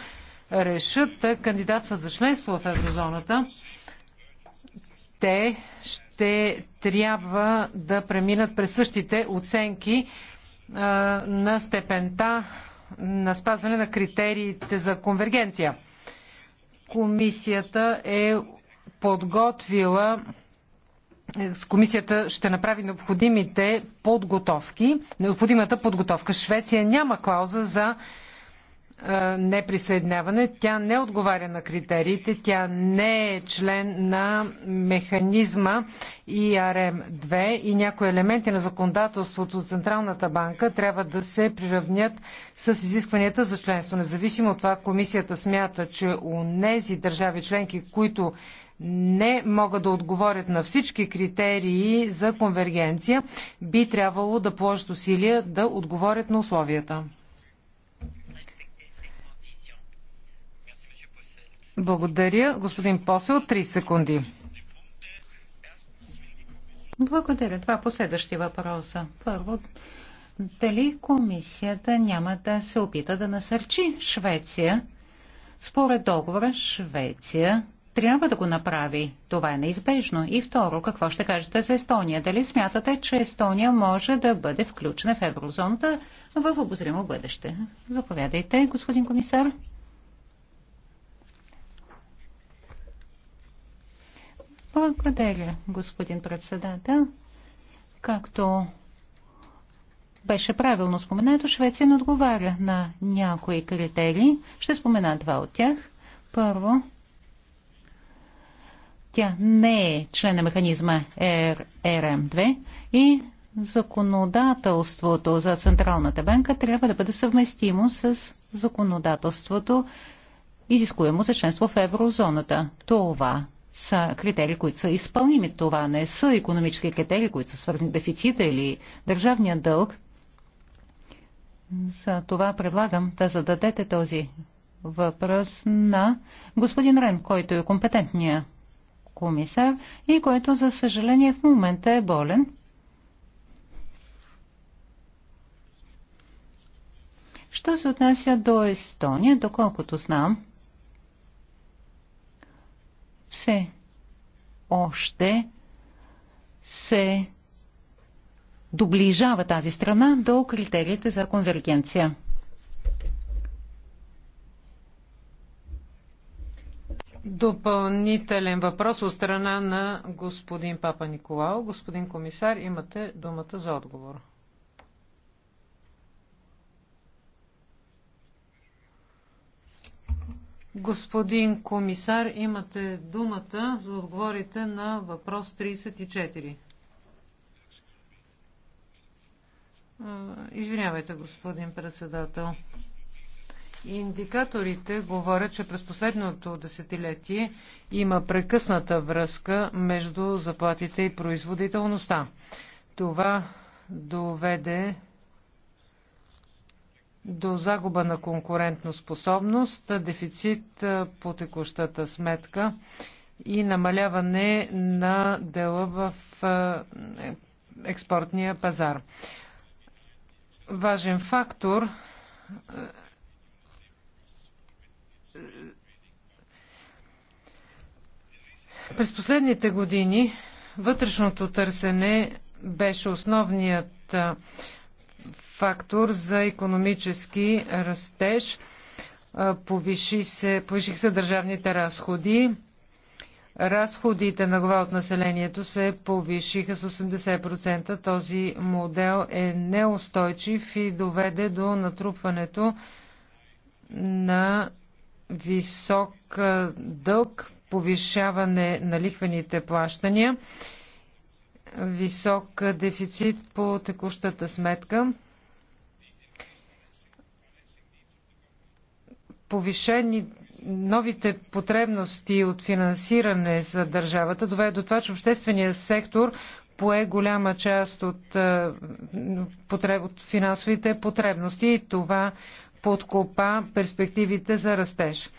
решат да кандидатстват за членство в еврозоната, те ще трябва да преминат през същите оценки, на степента на спазване на критериите за конвергенция. Комисията е подготвила е, комисията ще направи необходимите подготовки, необходимата подготовка. Швеция няма клауза за е, неприсъединяване. Тя не отговаря на критериите, тя не е член на механизма ИРМ-2 и някои елементи на законодателството за Централната банка трябва да се приравнят с изискванията за членство. Независимо от това, комисията смята, че у нези държави членки, които не могат да отговорят на всички критерии за конвергенция, би трябвало да положат усилия да отговорят на условията. Благодаря. Господин Посел, 3 секунди. Благодаря. Два последващи въпроса. Първо, дали комисията няма да се опита да насърчи Швеция? Според договора Швеция трябва да го направи. Това е неизбежно. И второ, какво ще кажете за Естония? Дали смятате, че Естония може да бъде включена в еврозоната в обозримо бъдеще? Заповядайте, господин комисар. Благодаря, господин председател. Както беше правилно споменато, Швеция не отговаря на някои критерии. Ще спомена два от тях. Първо, тя не е член на механизма РМ2 и законодателството за Централната банка трябва да бъде съвместимо с законодателството изискуемо за членство в еврозоната. Това са критерии, които са изпълними. Това не са економически критерии, които са свързани дефицита или държавния дълг. За това предлагам да зададете този въпрос на господин Рен, който е компетентния комисар и който, за съжаление, в момента е болен. Що се отнася до Естония, доколкото знам, все още се доближава тази страна до критериите за конвергенция. Допълнителен въпрос от страна на господин Папа Николао. Господин комисар, имате думата за отговор. Господин комисар, имате думата за да отговорите на въпрос 34. Извинявайте, господин председател. Индикаторите говорят, че през последното десетилетие има прекъсната връзка между заплатите и производителността. Това доведе до загуба на конкурентно способност, дефицит по текущата сметка и намаляване на дела в експортния пазар. Важен фактор през последните години вътрешното търсене беше основният фактор за економически растеж. Повиши се, повиших се държавните разходи. Разходите на глава от населението се повишиха с 80%. Този модел е неустойчив и доведе до натрупването на висок дълг, повишаване на лихвените плащания, висок дефицит по текущата сметка. повишени новите потребности от финансиране за държавата доведе до това, че обществения сектор пое голяма част от, е, от финансовите потребности и това подкопа перспективите за растеж.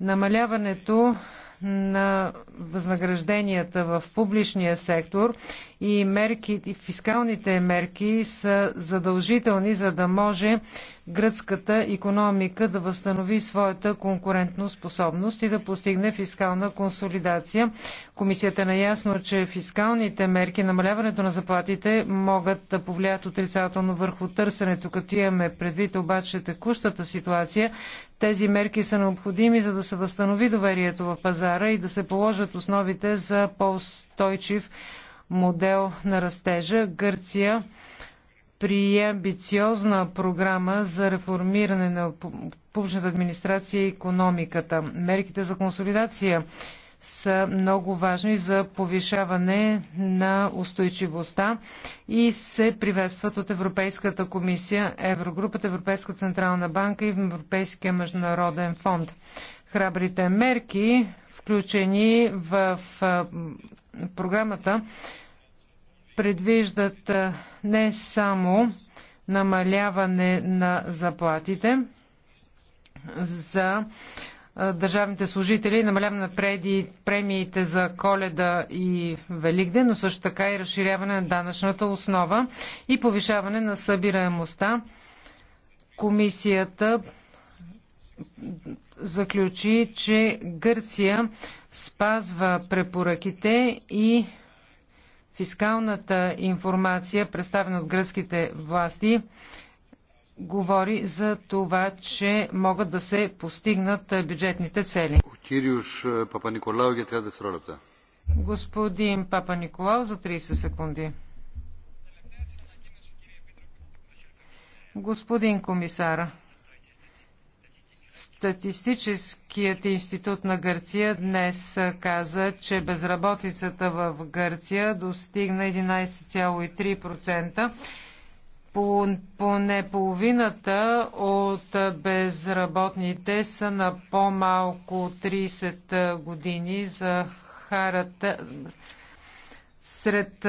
Намаляването на възнагражденията в публичния сектор и, мерки, и фискалните мерки са задължителни, за да може гръцката економика да възстанови своята конкурентно способност и да постигне фискална консолидация. Комисията е наясно, че фискалните мерки, намаляването на заплатите могат да повлият отрицателно върху търсенето, като имаме предвид обаче текущата ситуация, тези мерки са необходими, за да се възстанови доверието в пазара и да се положат основите за по-устойчив модел на растежа. Гърция прие амбициозна програма за реформиране на публичната администрация и економиката. Мерките за консолидация са много важни за повишаване на устойчивостта и се приветстват от Европейската комисия, Еврогрупата, Европейска централна банка и Европейския международен фонд. Храбрите мерки, включени в програмата, предвиждат не само намаляване на заплатите за държавните служители, намаляване на премиите за коледа и Великден, но също така и разширяване на данъчната основа и повишаване на събираемостта. Комисията заключи, че Гърция спазва препоръките и фискалната информация, представена от гръцките власти, говори за това, че могат да се постигнат е, бюджетните цели. Е, е Господин Папа Николао за 30 секунди. Господин комисар, Статистическият институт на Гърция днес каза, че безработицата в Гърция достигна 11,3%, поне половината от безработните са на по-малко 30 години за харата. Сред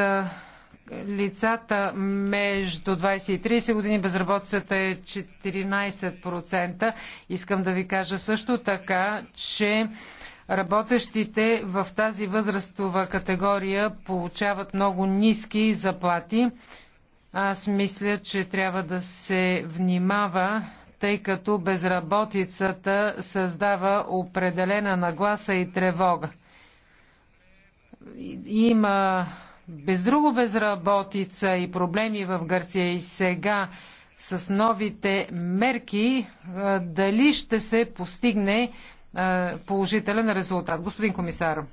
лицата между 20 и 30 години безработицата е 14%. Искам да ви кажа също така, че работещите в тази възрастова категория получават много ниски заплати. Аз мисля, че трябва да се внимава, тъй като безработицата създава определена нагласа и тревога. Има без друго безработица и проблеми в Гърция и сега с новите мерки, дали ще се постигне положителен резултат. Господин комисар.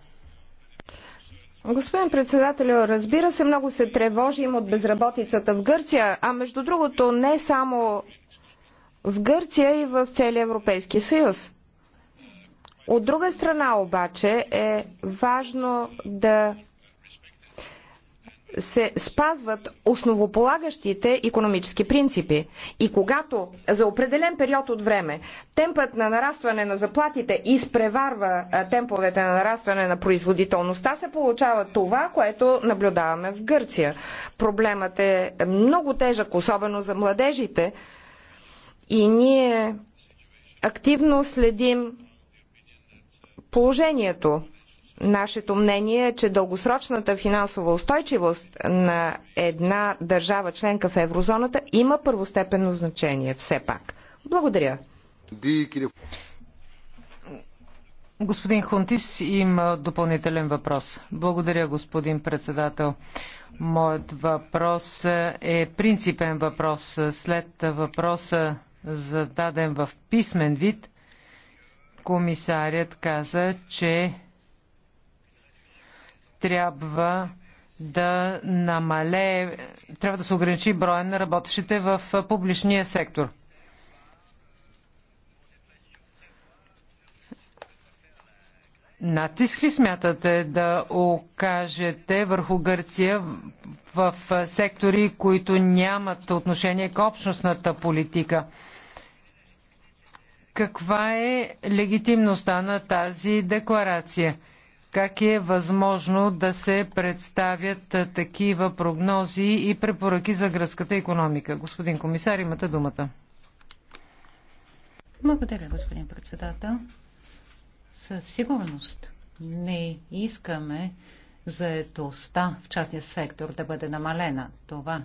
Господин председател, разбира се, много се тревожим от безработицата в Гърция, а между другото не само в Гърция и в целия Европейски съюз. От друга страна обаче е важно да се спазват основополагащите економически принципи. И когато за определен период от време темпът на нарастване на заплатите изпреварва темповете на нарастване на производителността, се получава това, което наблюдаваме в Гърция. Проблемът е много тежък, особено за младежите. И ние активно следим положението. Нашето мнение е, че дългосрочната финансова устойчивост на една държава членка в еврозоната има първостепенно значение все пак. Благодаря. Господин Хунтис има допълнителен въпрос. Благодаря, господин председател. Моят въпрос е принципен въпрос. След въпроса зададен в писмен вид, комисарят каза, че трябва да намалее, трябва да се ограничи броя на работещите в публичния сектор. Натиск ли смятате да окажете върху Гърция в сектори, които нямат отношение к общностната политика? Каква е легитимността на тази декларация? Как е възможно да се представят такива прогнози и препоръки за гръцката економика? Господин комисар, имате думата. Благодаря, господин председател. Със сигурност не искаме заетостта в частния сектор да бъде намалена. Това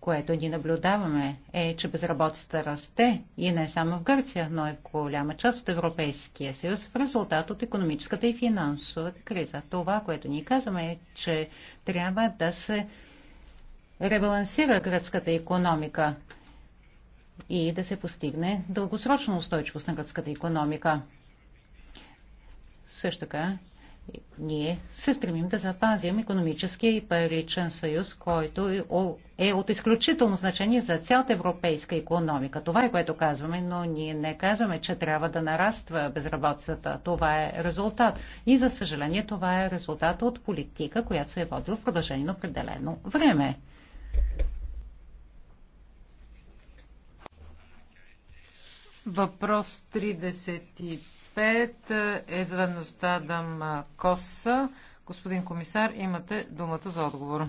което ни наблюдаваме, е, че безработицата расте и не само в Гърция, но и в голяма част от Европейския съюз в резултат от економическата и финансовата криза. Това, което ни казваме е, че трябва да се ребалансира гръцката економика и да се постигне дългосрочна устойчивост на гръцката економика. Също така ние се стремим да запазим економическия и паричен съюз, който е, е от изключително значение за цялата европейска економика. Това е което казваме, но ние не казваме, че трябва да нараства безработицата. Това е резултат. И за съжаление това е резултат от политика, която се е водила в продължение на определено време. Въпрос 35 пет е заедността Адам Коса. Господин комисар, имате думата за отговор.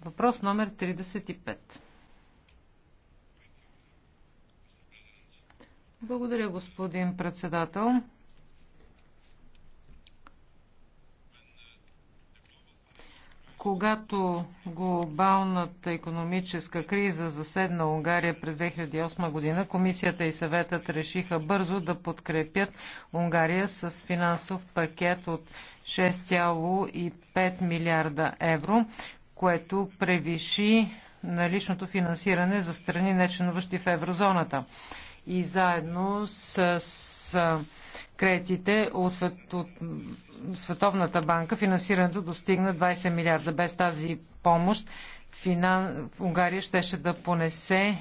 Въпрос номер 35. Благодаря, господин председател. Когато глобалната економическа криза заседна Унгария през 2008 година, комисията и съветът решиха бързо да подкрепят Унгария с финансов пакет от 6,5 милиарда евро, което превиши наличното финансиране за страни, нечленуващи в еврозоната. И заедно с, с кредитите от, от Световната банка финансирането достигна 20 милиарда. Без тази помощ финан... Унгария щеше да понесе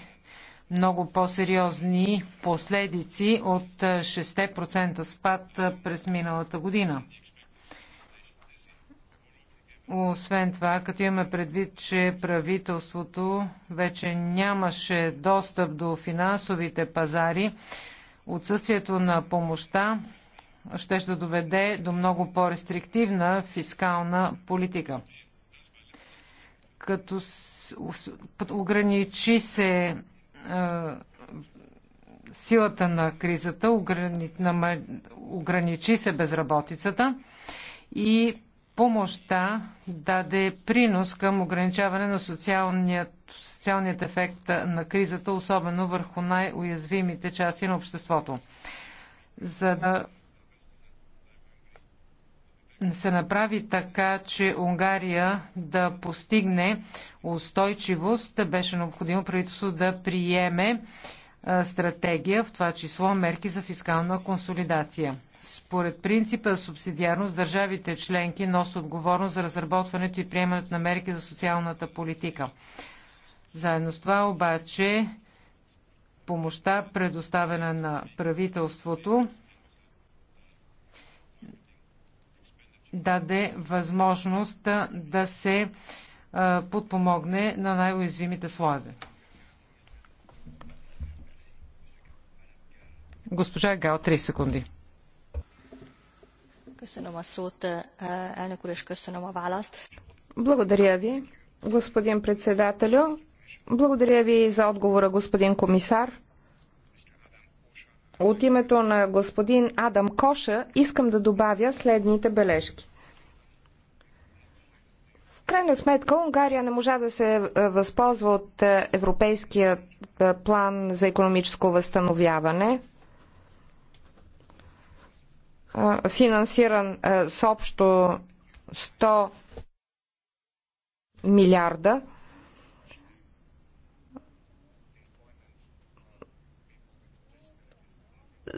много по-сериозни последици от 6% е, спад е, през миналата година. Освен това, като имаме предвид, че правителството вече нямаше достъп до финансовите пазари, Отсъствието на помощта ще ще доведе до много по-рестриктивна фискална политика. Като ограничи се силата на кризата, ограничи се безработицата и помощта даде принос към ограничаване на социалният, социалният ефект на кризата, особено върху най-уязвимите части на обществото. За да се направи така, че Унгария да постигне устойчивост, беше необходимо правителство да приеме стратегия, в това число мерки за фискална консолидация. Според принципа субсидиарност, държавите членки носят отговорност за разработването и приемането на мерки за социалната политика. Заедно с това обаче помощта, предоставена на правителството, даде възможност да се подпомогне на най-уязвимите слоеве. Госпожа Гал, 3 секунди. Köszönöm a szót, elnök úr, és köszönöm a választ. Благодаря ви, господин председателю. Благодаря ви за отговора, господин комисар. От името на господин Адам Коша искам да добавя следните бележки. В крайна сметка Унгария не можа да се е, възползва от е, Европейския е, план за економическо възстановяване – финансиран с общо 100 милиарда.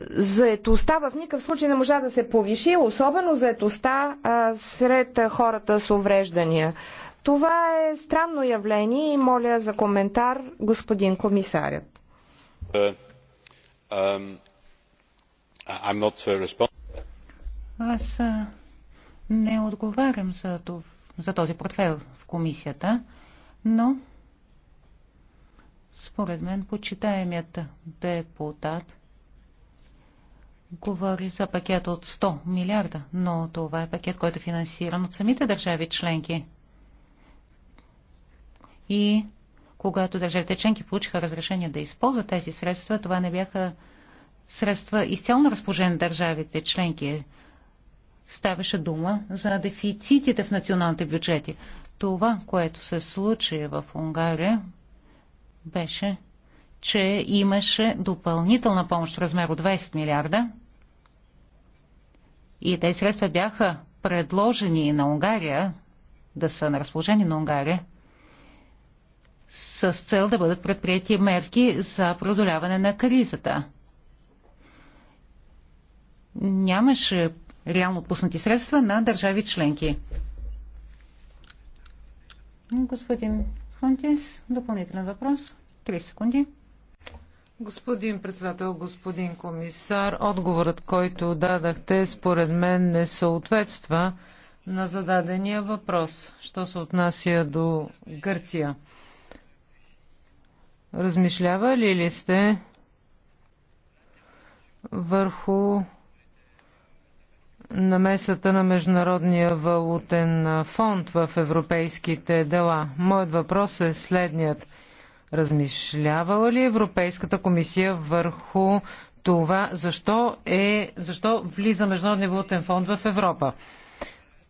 заетостта в никакъв случай не можа да се повиши, особено заетостта сред хората с увреждания. Това е странно явление и моля за коментар господин комисарят. Uh, um, аз не отговарям за, за този портфел в комисията, но според мен почитаемият депутат говори за пакет от 100 милиарда, но това е пакет, който е финансиран от самите държави членки. И когато държавите членки получиха разрешение да използват тези средства, това не бяха средства изцяло на разположение на държавите членки ставаше дума за дефицитите в националните бюджети. Това, което се случи в Унгария, беше, че имаше допълнителна помощ в размер от 20 милиарда и тези средства бяха предложени на Унгария, да са на разположение на Унгария, с цел да бъдат предприяти мерки за преодоляване на кризата. Нямаше реално отпуснати средства на държави членки. Господин Хунтис, допълнителен въпрос. 3 секунди. Господин председател, господин комисар, отговорът, който дадахте, според мен не съответства на зададения въпрос, що се отнася до Гърция. Размишлявали ли сте върху намесата на Международния валутен фонд в европейските дела. Моят въпрос е следният. Размишлявала ли Европейската комисия върху това, защо, е, защо влиза Международния валутен фонд в Европа?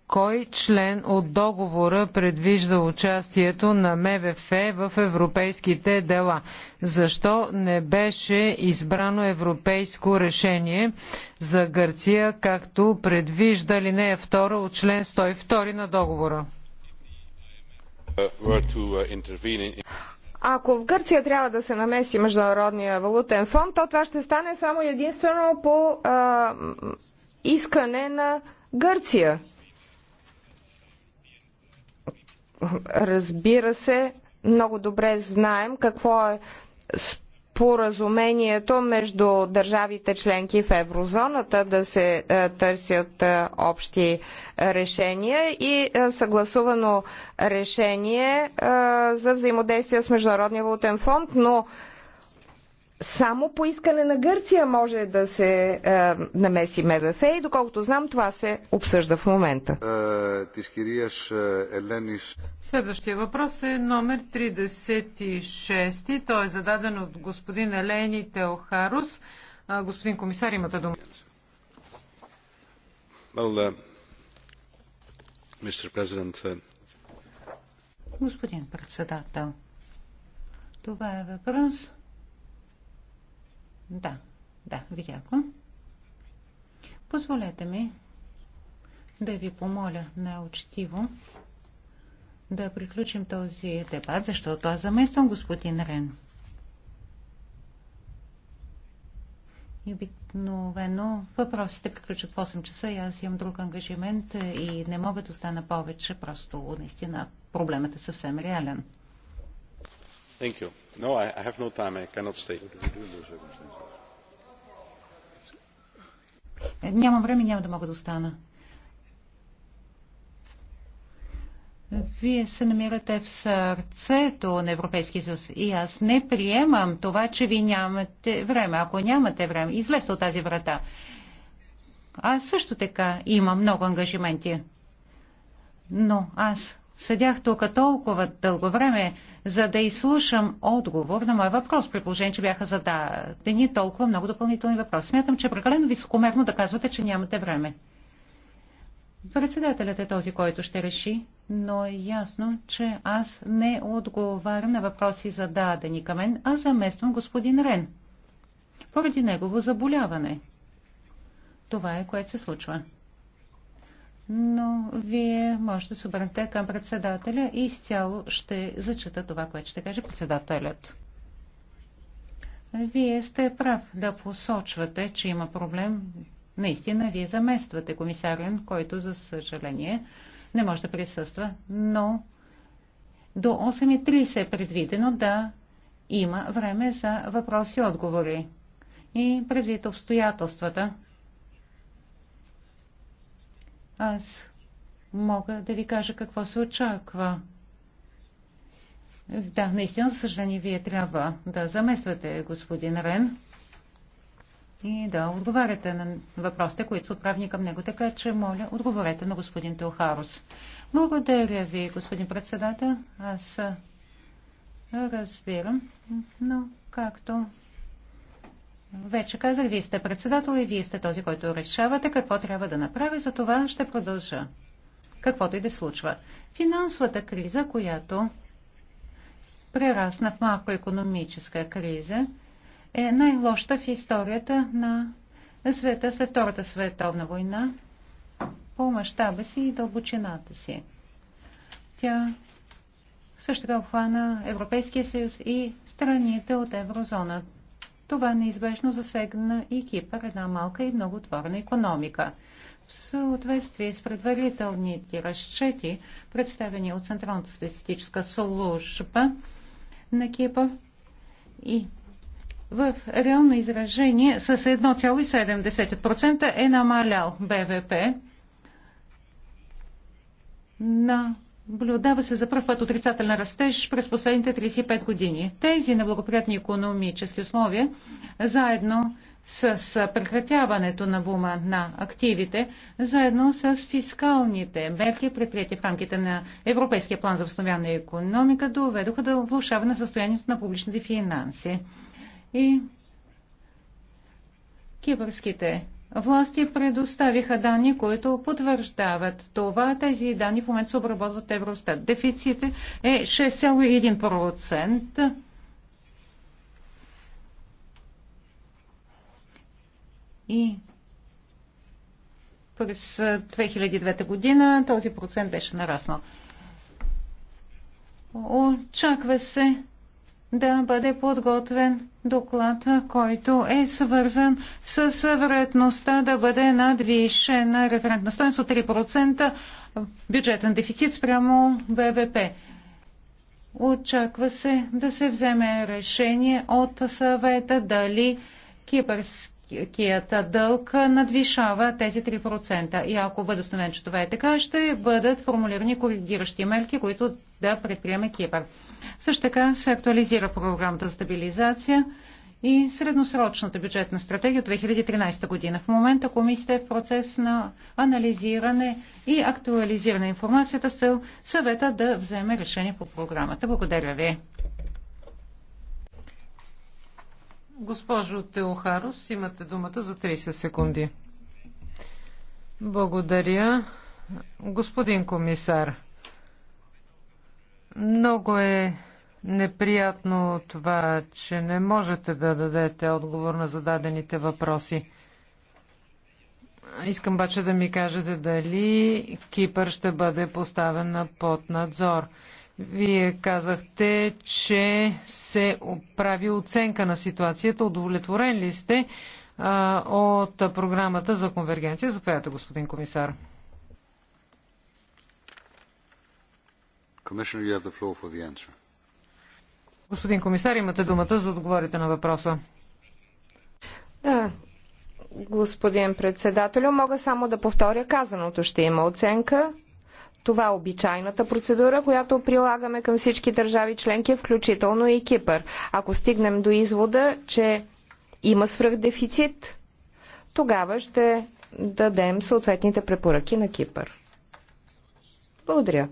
Кой член от договора предвижда участието на МВФ в европейските дела? Защо не беше избрано европейско решение за Гърция, както предвижда линия 2 от член 102 на договора? Ако в Гърция трябва да се намеси Международния валутен фонд, то това ще стане само единствено по а, искане на Гърция. Разбира се, много добре знаем какво е споразумението между държавите членки в еврозоната да се е, търсят е, общи решения и е, съгласувано решение за взаимодействие с Международния валутен фонд, но само по искане на Гърция може да се е, намеси МВФ и доколкото знам това се обсъжда в момента. Е, е, Следващия въпрос е номер 36. Той е зададен от господин Елени Телхарус. Господин комисар, имате дума. Well, uh, uh господин председател, това е въпрос, да, да, видях го. Позволете ми да ви помоля учтиво да приключим този дебат, защото аз замествам господин Рен. И обикновено въпросите приключат в 8 часа и аз имам друг ангажимент и не мога да остана повече. Просто наистина проблемът е съвсем реален. Thank you. Нямам време, няма да мога да остана. Вие се намирате в сърцето на Европейския съюз и аз не приемам това, че ви нямате време. Ако нямате време, излезте от тази врата. Аз също така имам много ангажименти. Но аз Седях тук толкова дълго време, за да изслушам отговор на моя въпрос, при положение, че бяха зададени толкова много допълнителни въпроси. Смятам, че е прекалено високомерно да казвате, че нямате време. Председателят е този, който ще реши, но е ясно, че аз не отговарям на въпроси зададени към мен, а замествам господин Рен. Поради негово заболяване. Това е, което се случва но вие можете да се обърнете към председателя и изцяло ще зачита това, което ще каже председателят. Вие сте прав да посочвате, че има проблем. Наистина, вие замествате комисарен, който, за съжаление, не може да присъства, но до 8.30 е предвидено да има време за въпроси и отговори. И предвид обстоятелствата, аз мога да ви кажа какво се очаква. Да, наистина, за съжаление, вие трябва да замествате господин Рен и да отговаряте на въпросите, които са отправени към него. Така че, моля, отговорете на господин Теохарус. Благодаря ви, господин председател. Аз разбирам, но както вече казах, вие сте председател и вие сте този, който решавате какво трябва да направи, за това ще продължа. Каквото и да случва. Финансовата криза, която прерасна в макроекономическа криза, е най-лошата в историята на света след Втората световна война по мащаба си и дълбочината си. Тя също така обхвана Европейския съюз и страните от еврозоната. Това неизбежно засегна и Кипър, една малка и много отворена економика. В съответствие с предварителните разчети, представени от Централната статистическа служба на Кипър и в реално изражение с 1,7% е намалял БВП на Наблюдава се за първ път отрицателен растеж през последните 35 години. Тези неблагоприятни економически условия, заедно с прекратяването на бума на активите, заедно с фискалните мерки, предприяти в рамките на Европейския план за възстановяване на економика, доведоха до влушаване на състоянието на публичните финанси. И кипърските власти предоставиха данни, които потвърждават това. Тези данни в момента се обработват Евростат. Дефиците е 6,1%. И през 2009 година този процент беше нараснал. Очаква се да бъде подготвен доклад, който е свързан с вероятността да бъде надвишена референтна стоеност от 3% бюджетен дефицит спрямо БВП. Очаква се да се вземе решение от съвета дали кипърски търговският дълг надвишава тези 3%. И ако бъде установен, че това е така, ще бъдат формулирани коригиращи мерки, които да предприеме Кипър. Също така се актуализира програмата за стабилизация и средносрочната бюджетна стратегия от 2013 година. В момента комисията е в процес на анализиране и актуализиране информацията с цел съвета да вземе решение по програмата. Благодаря ви. Госпожо Теохарус, имате думата за 30 секунди. Благодаря. Господин комисар, много е неприятно това, че не можете да дадете отговор на зададените въпроси. Искам обаче да ми кажете дали Кипър ще бъде поставен на под надзор. Вие казахте, че се прави оценка на ситуацията. Удовлетворен ли сте а, от програмата за конвергенция? Заповядайте, господин комисар. Господин комисар, имате думата за да отговорите на въпроса. Да, господин председателю, мога само да повторя казаното. Ще има оценка това е обичайната процедура, която прилагаме към всички държави членки, включително и Кипър. Ако стигнем до извода, че има свръхдефицит, тогава ще дадем съответните препоръки на Кипър. Благодаря.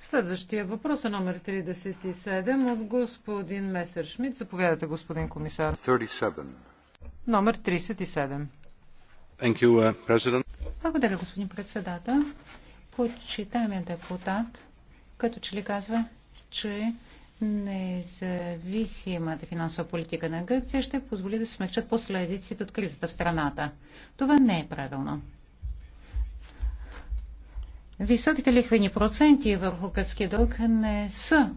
Следващия въпрос е номер 37 от господин Месершмит. Заповядайте, господин комисар. 37. Номер 37. Uh, Благодаря, господин председател. Почитаемия депутат, като че ли казва, че независимата финансова политика на Гърция ще позволи да се смекчат последиците от кризата в страната. Това не е правилно. Високите лихвени проценти върху гръцки дълг не са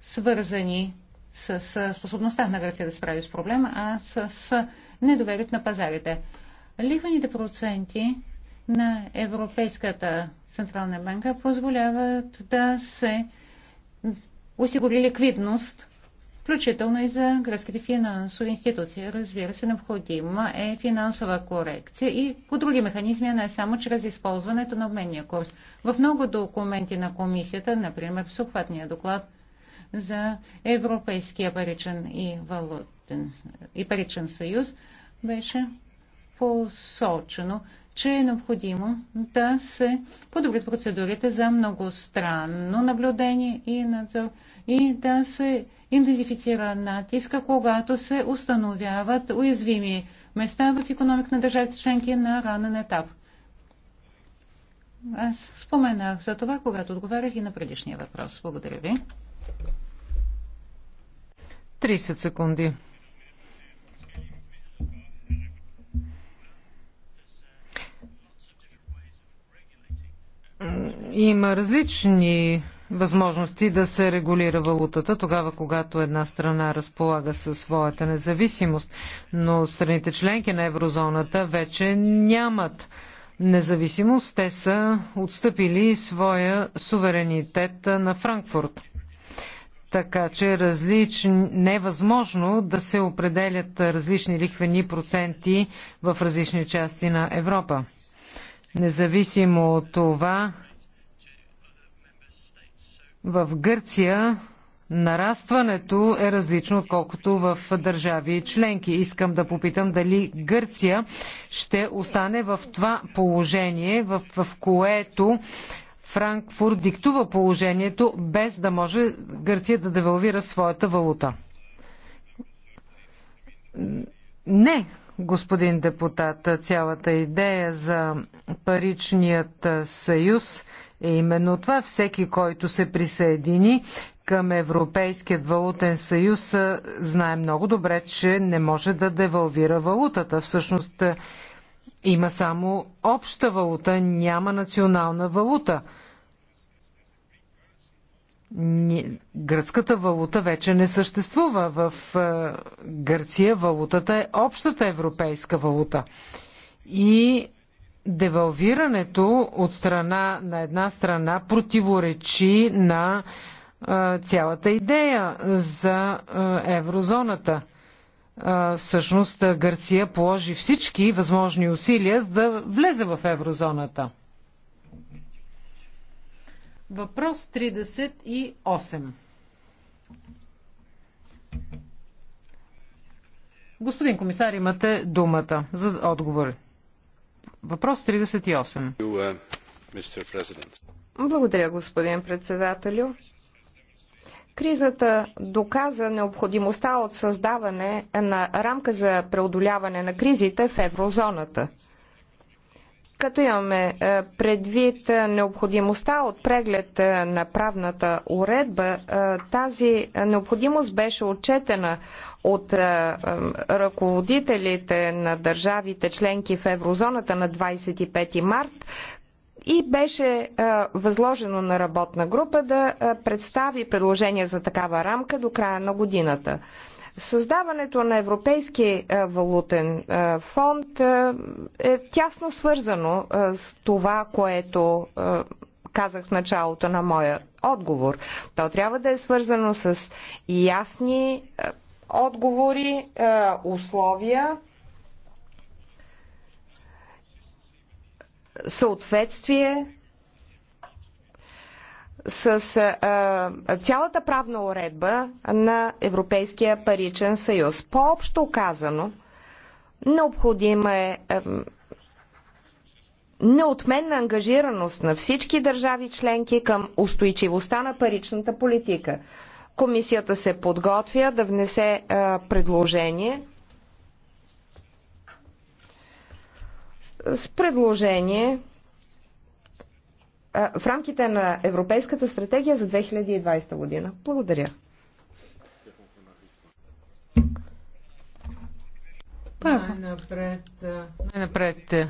свързани с способността на Гърция да справи с проблема, а с доверят на пазарите. Лихвените проценти на Европейската Централна банка позволяват да се осигури ликвидност, включително и за гръцките финансови институции. Разбира се, необходима е финансова корекция и по други механизми, а не само чрез използването на обменния курс. В много документи на комисията, например в съхватния доклад за Европейския паричен и валут бюджетен и паричен съюз, беше посочено, че е необходимо да се подобрят процедурите за многостранно наблюдение и надзор и да се интензифицира натиска, когато се установяват уязвими места в економик на държавите членки на ранен етап. Аз споменах за това, когато отговарях и на предишния въпрос. Благодаря ви. 30 секунди. Има различни възможности да се регулира валутата тогава, когато една страна разполага със своята независимост, но страните членки на еврозоната вече нямат независимост. Те са отстъпили своя суверенитет на Франкфурт. Така че различни, невъзможно да се определят различни лихвени проценти в различни части на Европа. Независимо от това, в Гърция нарастването е различно, отколкото в държави членки. Искам да попитам дали Гърция ще остане в това положение, в, в което Франкфурт диктува положението, без да може Гърция да девалвира своята валута. Не, господин депутат, цялата идея за паричният съюз е, именно това всеки, който се присъедини към Европейският валутен съюз, е, знае много добре, че не може да девалвира валутата. Всъщност е, има само обща валута, няма национална валута. Гръцката валута вече не съществува. В Гърция валутата е общата европейска валута. И девалвирането от страна на една страна противоречи на цялата идея за еврозоната. Всъщност Гърция положи всички възможни усилия за да влезе в еврозоната. Въпрос 38. Господин комисар, имате думата за отговори. Въпрос 38. Uh, Благодаря, господин председателю. Кризата доказа необходимостта от създаване на рамка за преодоляване на кризите в еврозоната като имаме е, предвид е, необходимостта от преглед е, на правната уредба, тази необходимост беше отчетена от ръководителите на държавите членки в еврозоната на 25 март и беше възложено на работна група да представи предложение за такава рамка до края на годината. Създаването на Европейски е, валутен е, фонд е, е тясно свързано с това, което казах в началото на моя отговор. То трябва да е свързано с ясни отговори, условия, съответствие с а, цялата правна уредба на Европейския паричен съюз. По-общо казано, необходима е а, неотменна ангажираност на всички държави членки към устойчивостта на паричната политика. Комисията се подготвя да внесе а, е, предложение с предложение в рамките на Европейската стратегия за 2020 година. Благодаря. Най-напред, най-напред е,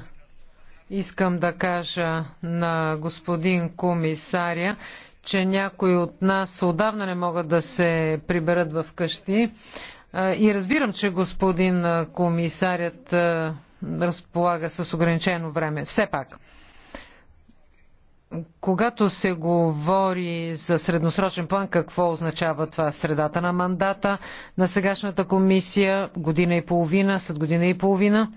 искам да кажа на господин комисаря, че някои от нас отдавна не могат да се приберат в къщи. И разбирам, че господин комисарят разполага с ограничено време. Все пак когато се говори за средносрочен план, какво означава това? Средата на мандата на сегашната комисия, година и половина, след година и половина.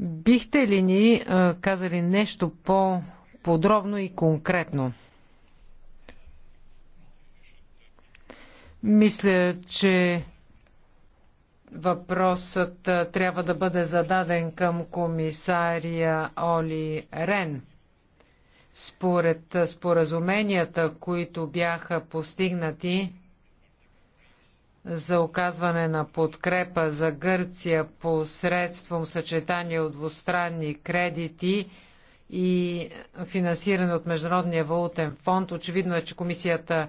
Бихте ли ни казали нещо по-подробно и конкретно? Мисля, че въпросът трябва да бъде зададен към комисария Оли Рен. Според споразуменията, които бяха постигнати за оказване на подкрепа за Гърция посредством съчетание от двустранни кредити и финансиране от Международния валутен фонд, очевидно е, че комисията е,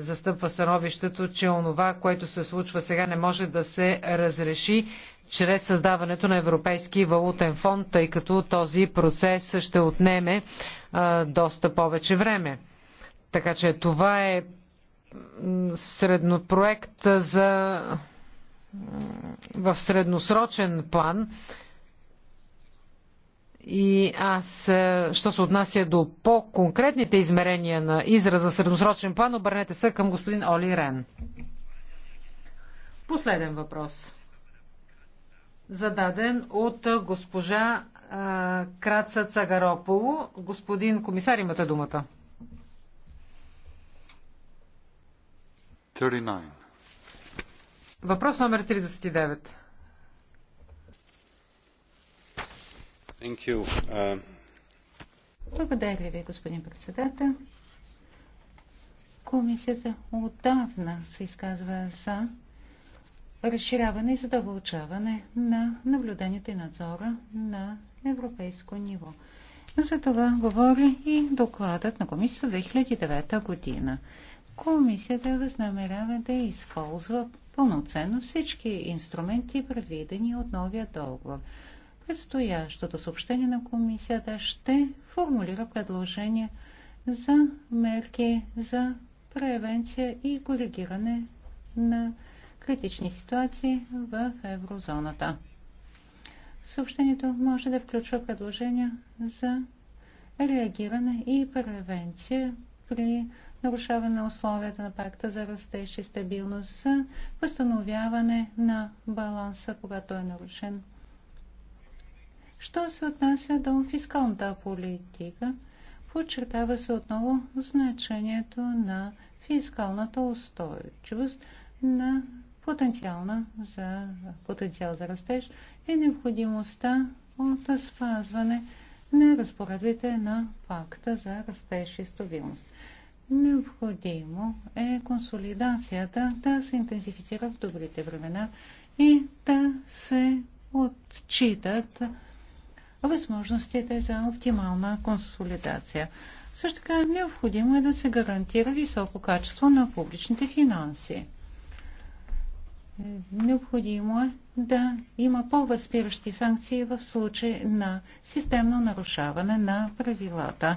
застъпва становището, че онова, което се случва сега, не може да се разреши чрез създаването на Европейски валутен фонд, тъй като този процес ще отнеме а, доста повече време. Така че това е среднопроект за в средносрочен план. И аз, що се отнася до по-конкретните измерения на израза средносрочен план, обърнете се към господин Оли Рен. Последен въпрос зададен от госпожа а, Краца Цагаропово. Господин комисар, имате думата. 39. Въпрос номер 39. Uh... Благодаря ви, господин председател. Комисията отдавна се изказва за разширяване и задълбочаване на наблюдението и надзора на европейско ниво. За това говори и докладът на комисията 2009 година. Комисията възнамерява да използва пълноценно всички инструменти, предвидени от новия договор. Предстоящото съобщение на комисията ще формулира предложение за мерки за превенция и коригиране на критични ситуации в еврозоната. Съобщението може да включва предложения за реагиране и превенция при нарушаване на условията на пакта за растеж и стабилност, за възстановяване на баланса, когато е нарушен. Що се отнася до фискалната политика, подчертава се отново значението на фискалната устойчивост на потенциална за, потенциал за растеж е необходимостта от спазване на разпоредбите на пакта за растеж и стабилност. Необходимо е консолидацията да се интензифицира в добрите времена и да се отчитат възможностите за оптимална консолидация. Също така е необходимо е да се гарантира високо качество на публичните финанси. Необходимо е да има по-възпиращи санкции в случай на системно нарушаване на правилата.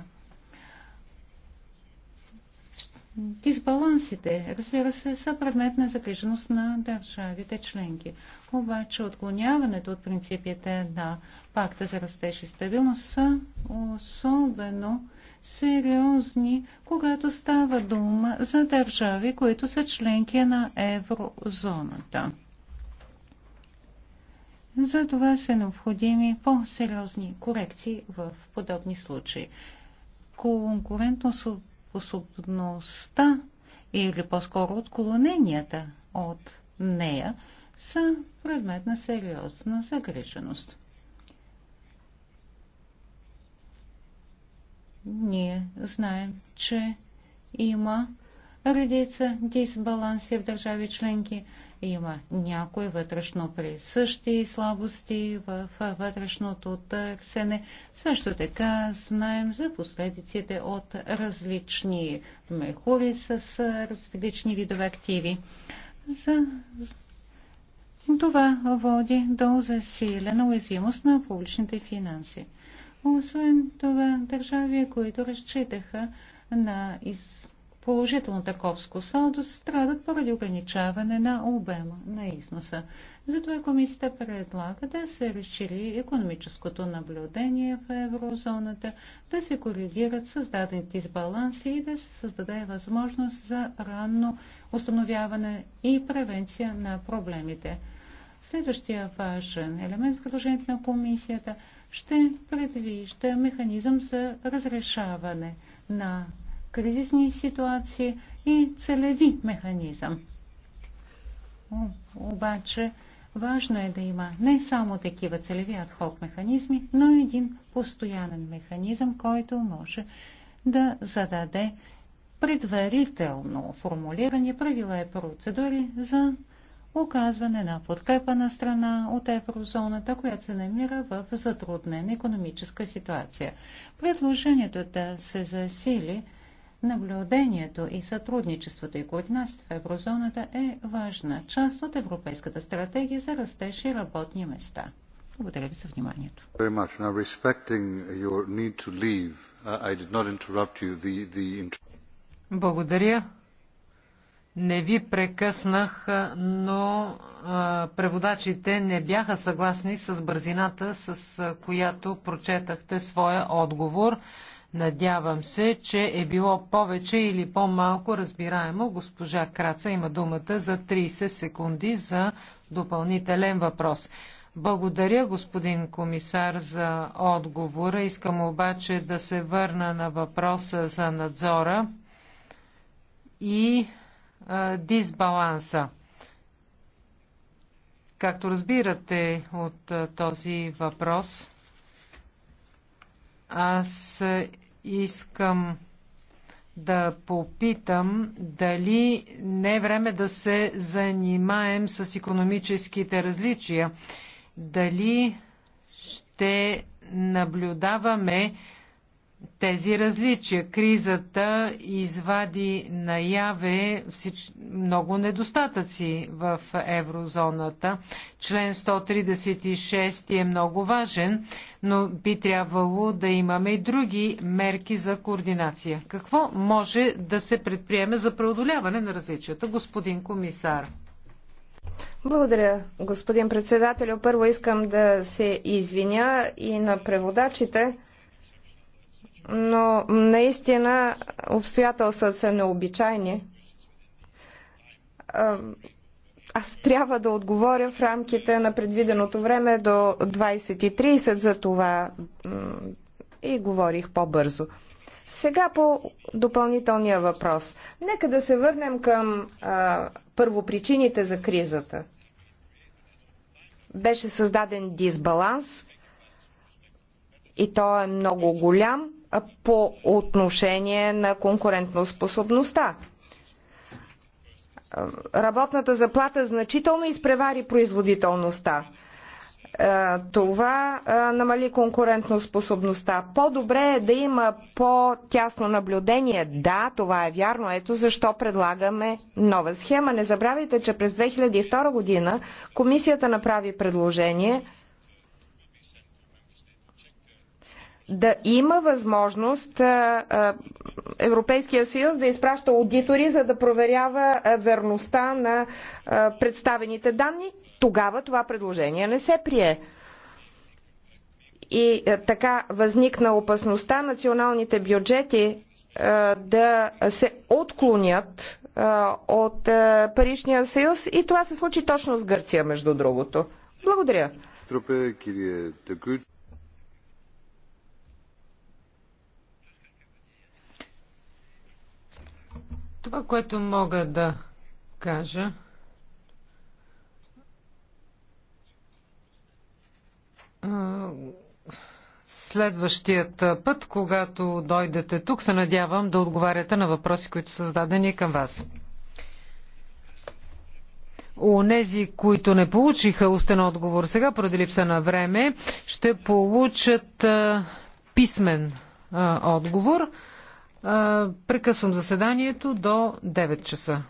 Дисбалансите, разбира се, са предмет на загриженост на държавите членки. Обаче отклоняването от принципите на пакта за растеж и стабилност са особено сериозни, когато става дума за държави, които са членки на еврозоната. За това са необходими по-сериозни корекции в подобни случаи. Конкурентоспособността или по-скоро отклоненията от нея са предмет на сериозна загриженост. Ние знаем, че има редица дисбаланси в държави членки. Има някои вътрешно присъщи слабости в вътрешното търсене. Също така знаем за последиците от различни мехури с различни видове активи. За... Това води до засилена уязвимост на публичните финанси. Освен това, държави, които разчитаха на из... положително таковско салдо, страдат поради ограничаване на обема на износа. Затова комисията предлага да се разшири економическото наблюдение в еврозоната, да се коригират създадените дисбаланси и да се създаде възможност за ранно установяване и превенция на проблемите. Следващия важен елемент в предложението на комисията – ще предвижда механизъм за разрешаване на кризисни ситуации и целеви механизъм. Обаче важно е да има не само такива целеви адхок механизми, но и един постоянен механизъм, който може да зададе предварително формулирани правила и процедури за оказване на подкрепа на страна от еврозоната, която се намира в затруднена економическа ситуация. Предложението е да се засили наблюдението и сътрудничеството и координацията в еврозоната е важна част от Европейската стратегия за растеж и работни места. Благодаря ви за вниманието. Благодаря. Не ви прекъснах, но а, преводачите не бяха съгласни с бързината, с а, която прочетахте своя отговор. Надявам се, че е било повече или по-малко разбираемо. Госпожа Краца има думата за 30 секунди за допълнителен въпрос. Благодаря, господин комисар, за отговора. Искам обаче да се върна на въпроса за надзора и дисбаланса. Както разбирате от този въпрос, аз искам да попитам дали не е време да се занимаем с економическите различия. Дали ще наблюдаваме тези различия. Кризата извади наяве всич... много недостатъци в еврозоната. Член 136 е много важен, но би трябвало да имаме и други мерки за координация. Какво може да се предприеме за преодоляване на различията, господин комисар? Благодаря, господин председател. Първо искам да се извиня и на преводачите, но наистина обстоятелствата са необичайни. Аз трябва да отговоря в рамките на предвиденото време до 20.30, за това и говорих по-бързо. Сега по допълнителния въпрос. Нека да се върнем към а, първопричините за кризата. Беше създаден дисбаланс и то е много голям по отношение на конкурентноспособността. Работната заплата значително изпревари производителността. Е, това е, намали конкурентноспособността. По-добре е да има по-тясно наблюдение. Да, това е вярно. Ето защо предлагаме нова схема. Не забравяйте, че през 2002 година комисията направи предложение – да има възможност Европейския съюз да изпраща аудитори, за да проверява верността на представените данни. Тогава това предложение не се прие. И така възникна опасността националните бюджети да се отклонят от Паришния съюз и това се случи точно с Гърция, между другото. Благодаря. Това, което мога да кажа, следващият път, когато дойдете тук, се надявам да отговаряте на въпроси, които са зададени към вас. Онези, които не получиха устен отговор сега, поради липса на време, ще получат писмен отговор. Прекъсвам заседанието до 9 часа.